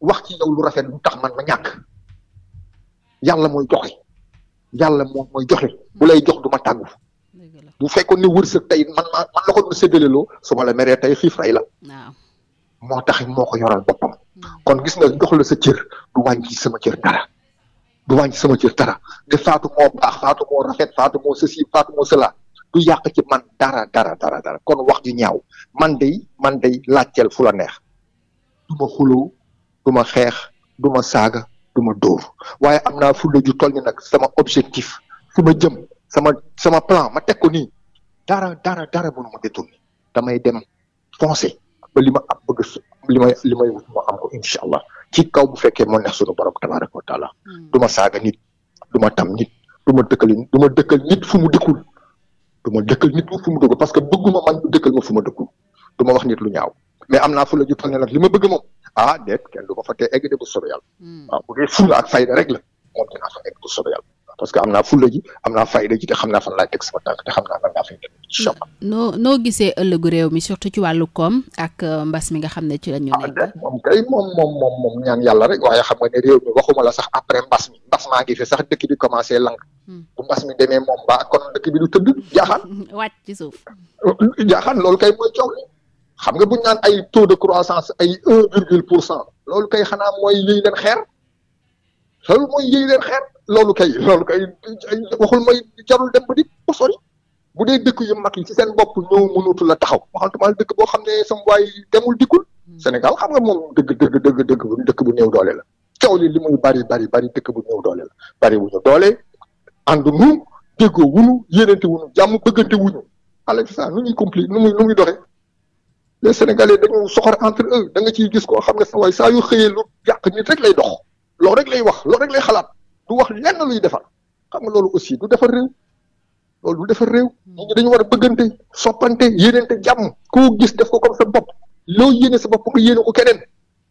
wax ci yow lu rafet lu tax man ma ñàkk yàlla mooy joxe yàlla moom mooy joxe bu lay jox du ma tàggu bu fekkoon ne wërsëg tey man ma man la ko doon séddaleloo su la meree tey xiif rey la moo tax moo ko yoral boppam hmm. kon gis nga jox sa cër du wàññi sama cër dara du wàññi sama cër dara de faatu moo baax faatu rafet faatu moo ceci faatu du yàq ci man dara dara dara dara kon wax ju ñaaw man day man day laajteel fu la neex du ma xuloo xeex du ma saaga duma door waaye am naa fulla ju toll ni nag sama objectif fu ma jëm sama sama plan ma teg ko nii dara dara dara mënu ma détourné damay dem foncé ba li ma am bëgg li may li may wut ma allah ci kaw bu fekkee moo neex sunu borom tabaraka wa taala hmm. du saaga nit du tam nit du dëkkal nit fu mu dëkkul du ma dëkkal nit fu mu dugg parce que bëgguma man du dëkkal ma fu ma dëkku du ma wax nit lu ñaaw mais am naa fu la ju toll ne li ma bëgg moom ah déet kenn du ma fa tee egg de bu soobee yàlla hmm. waaw bu dee fulla ak fayda rek la moom dinaa fa egg bu soobee parce que am naa fulla ji am naa fayda ji te xam xam naa fan laa fay ci choc. noo noo gisee ëllëgu réew mi surtout ci wàllu koom ak euh, mbas mi nga xam ne ci la ñu ah, nekk. moom kay moom moom moom ñaan yàlla rek waaye xam nga ne réew mi waxuma la sax après mbas mi mbas maa ngi fi sax dëkk bi commencé lang. Hmm. bu mbas mi demee moom ba kon dëkk bi du tëdd jaaxaan. wàcc ci suuf. jaaxaan loolu kay mooy coow li xam nga bu ñu ay taux de croissance ay un virgule pour cent loolu kay xanaa mooy yëy leen xeer loolu mooy yëy leen loolu kay loolu kay waxul may jarul dem ba di ba sori bu dee dëkk yu mag yi ci seen bopp ñëw mënutu la taxaw waxantumaal dëkk boo xam ne sam waay demul dikkul hmm. Sénégal xam nga moom dëgg dëgg dëgg dëgg dëkk bu néew doole la coow li li muy bari bari bari dëkk bu néew doole la bari wuñu doole àndu nu déggoo wuñu yéenante wuñu jàmm bëggante wuñu alors que ça nu muy compli nu muy nu muy doxee les Sénégalais dañoo soxor entre eux da nga ciy gis koo xam ne sa saa yu xëyee lu yàq nit rek lay dox loolu rek lay wax loolu rek lay xalaat du wax lenn luy defar xam nga loolu aussi du defar réew loolu du defar réew dañu war a bëggante soppante yéeneente jàmm koo gis def ko comme sa bopp loo yéene sa bopp nga yéene ko keneen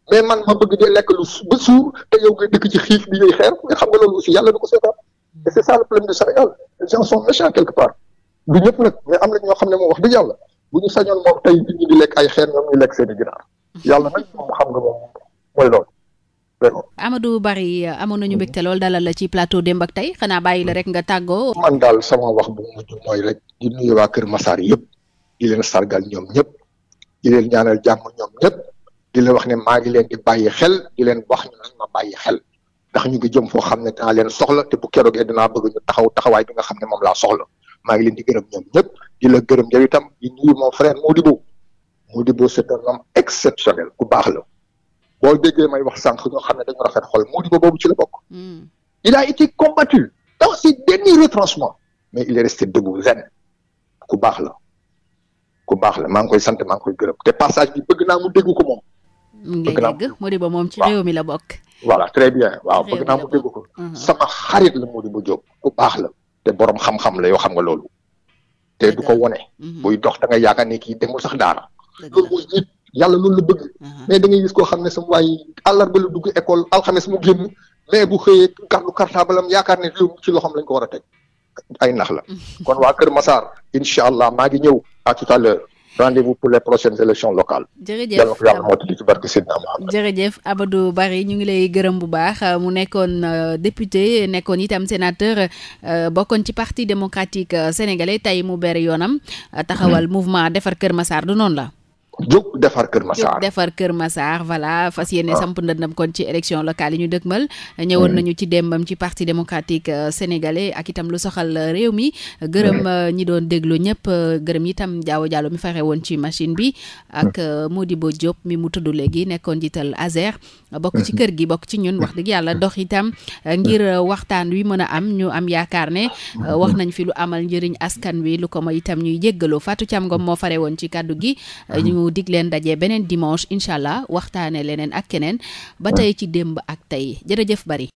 mais man ma bëgg dee lekk lu ba suur te yow nga dëkk ci xiif bi xam nga loolu aussi yàlla du ko seetaan et c'est ça le problème du Sénégal les gens du ñëpp nag mais am na ñoo xam ne moom wax dëgg yàlla bu ñu sañoon moom tey nit di lekk ay xeer ñoom ñu lekk seen i xam nga moom mooy loolu Amadou Barry amoon nañu mbégte lool dalal la ci plateau démb ak tey xanaa bàyyi la rek nga tàggoo. man daal sama wax bu mujj mooy rek di nuyu waa Kër Massar yëpp di leen sargal ñoom ñëpp di leen ñaanal jàmm ñoom ñëpp di leen wax ne maa ngi leen di bàyyi xel di leen wax ñu ndax ñu ngi jëm foo xam ne dinaa leen soxla te bu keroogee dinaa bëgg ñu taxaw taxawaay bi xam ne moom laa soxla maa ngi leen di gërëm ñoom ñëpp di la gërëm yow itam di nuyu mon frère Modibo Modibo c'est un homme exceptionnel ku baax la boo déggee may wax sànq ñoo xam ne dañu rafet xol Modibo boobu ci la bokk. Hmm. il a été combattu dans ses derniers retranchements mais il est resté zen ku baax la ku baax la maa ngi koy sant maa ngi koy gërëm te passage bi bëgg naa mu dégg ko moom. bëgg naa mu dégg moom ci réew mi la bokk. voilà très bien waaw bëgg naa mu dégg ko. Uh-huh. sama xarit la Modibo Diop ku baax la. te borom xam-xam la yoo xam nga loolu. te du ko wone. Uh-huh. buy dox da nga yaakaar ne kii demul sax daara. loolu mooy nit yàlla loolu la bëgg. mais da gis koo xam ne sama waay àllarba la dugg école alxames mu génn mais bu xëyee kartu cartable am yaakaar ne réew ci loxoom lañ ko war a teg ay nax la. kon waa Kër Massar incha allah maa ngi ñëw à tout à l'heure rendez-vous pour les prochaines élections locales. jërëjëf yàlla ko ñu ngi lay gërëm bu baax mu nekkoon euh, député nekkoon itam sénateur euh, bokkoon ci parti démocratique euh, sénégalais tey mu ber yoonam. Mmh. taxawal mouvement defar Kër Massar du noonu la. jóg defar Kër Massar jóg voilà fas yéene ah. samp ndëndam kon ci élection locale yi ñu dëgmal. ñëwoon mm. nañu ci démbam ci parti démocratique euh, sénégalais ak itam lu soxal euh, réew mi. gërëm mm. euh, ñi doon déglu ñëpp gërëm itam jaawo jàllo mi fare woon ci machine bi. ak mm. Modibo Diop mi mu tudd léegi nekkoon jiital ASER. bokk ci kër gi bokk ci ñun wax dëgg yàlla dox itam ngir waxtaan wi mën a am ñu am yaakaar ne wax nañ fi lu amal njëriñ askan wi lu ko may itam ñuy jéggaloo Fatou Thiam Ngom fare woon ci kàddu gi. ñëw dig leen daje beneen dimanche incha allah waxtaane leneen ak keneen ba tey ci démb ak tey jërëjëf bari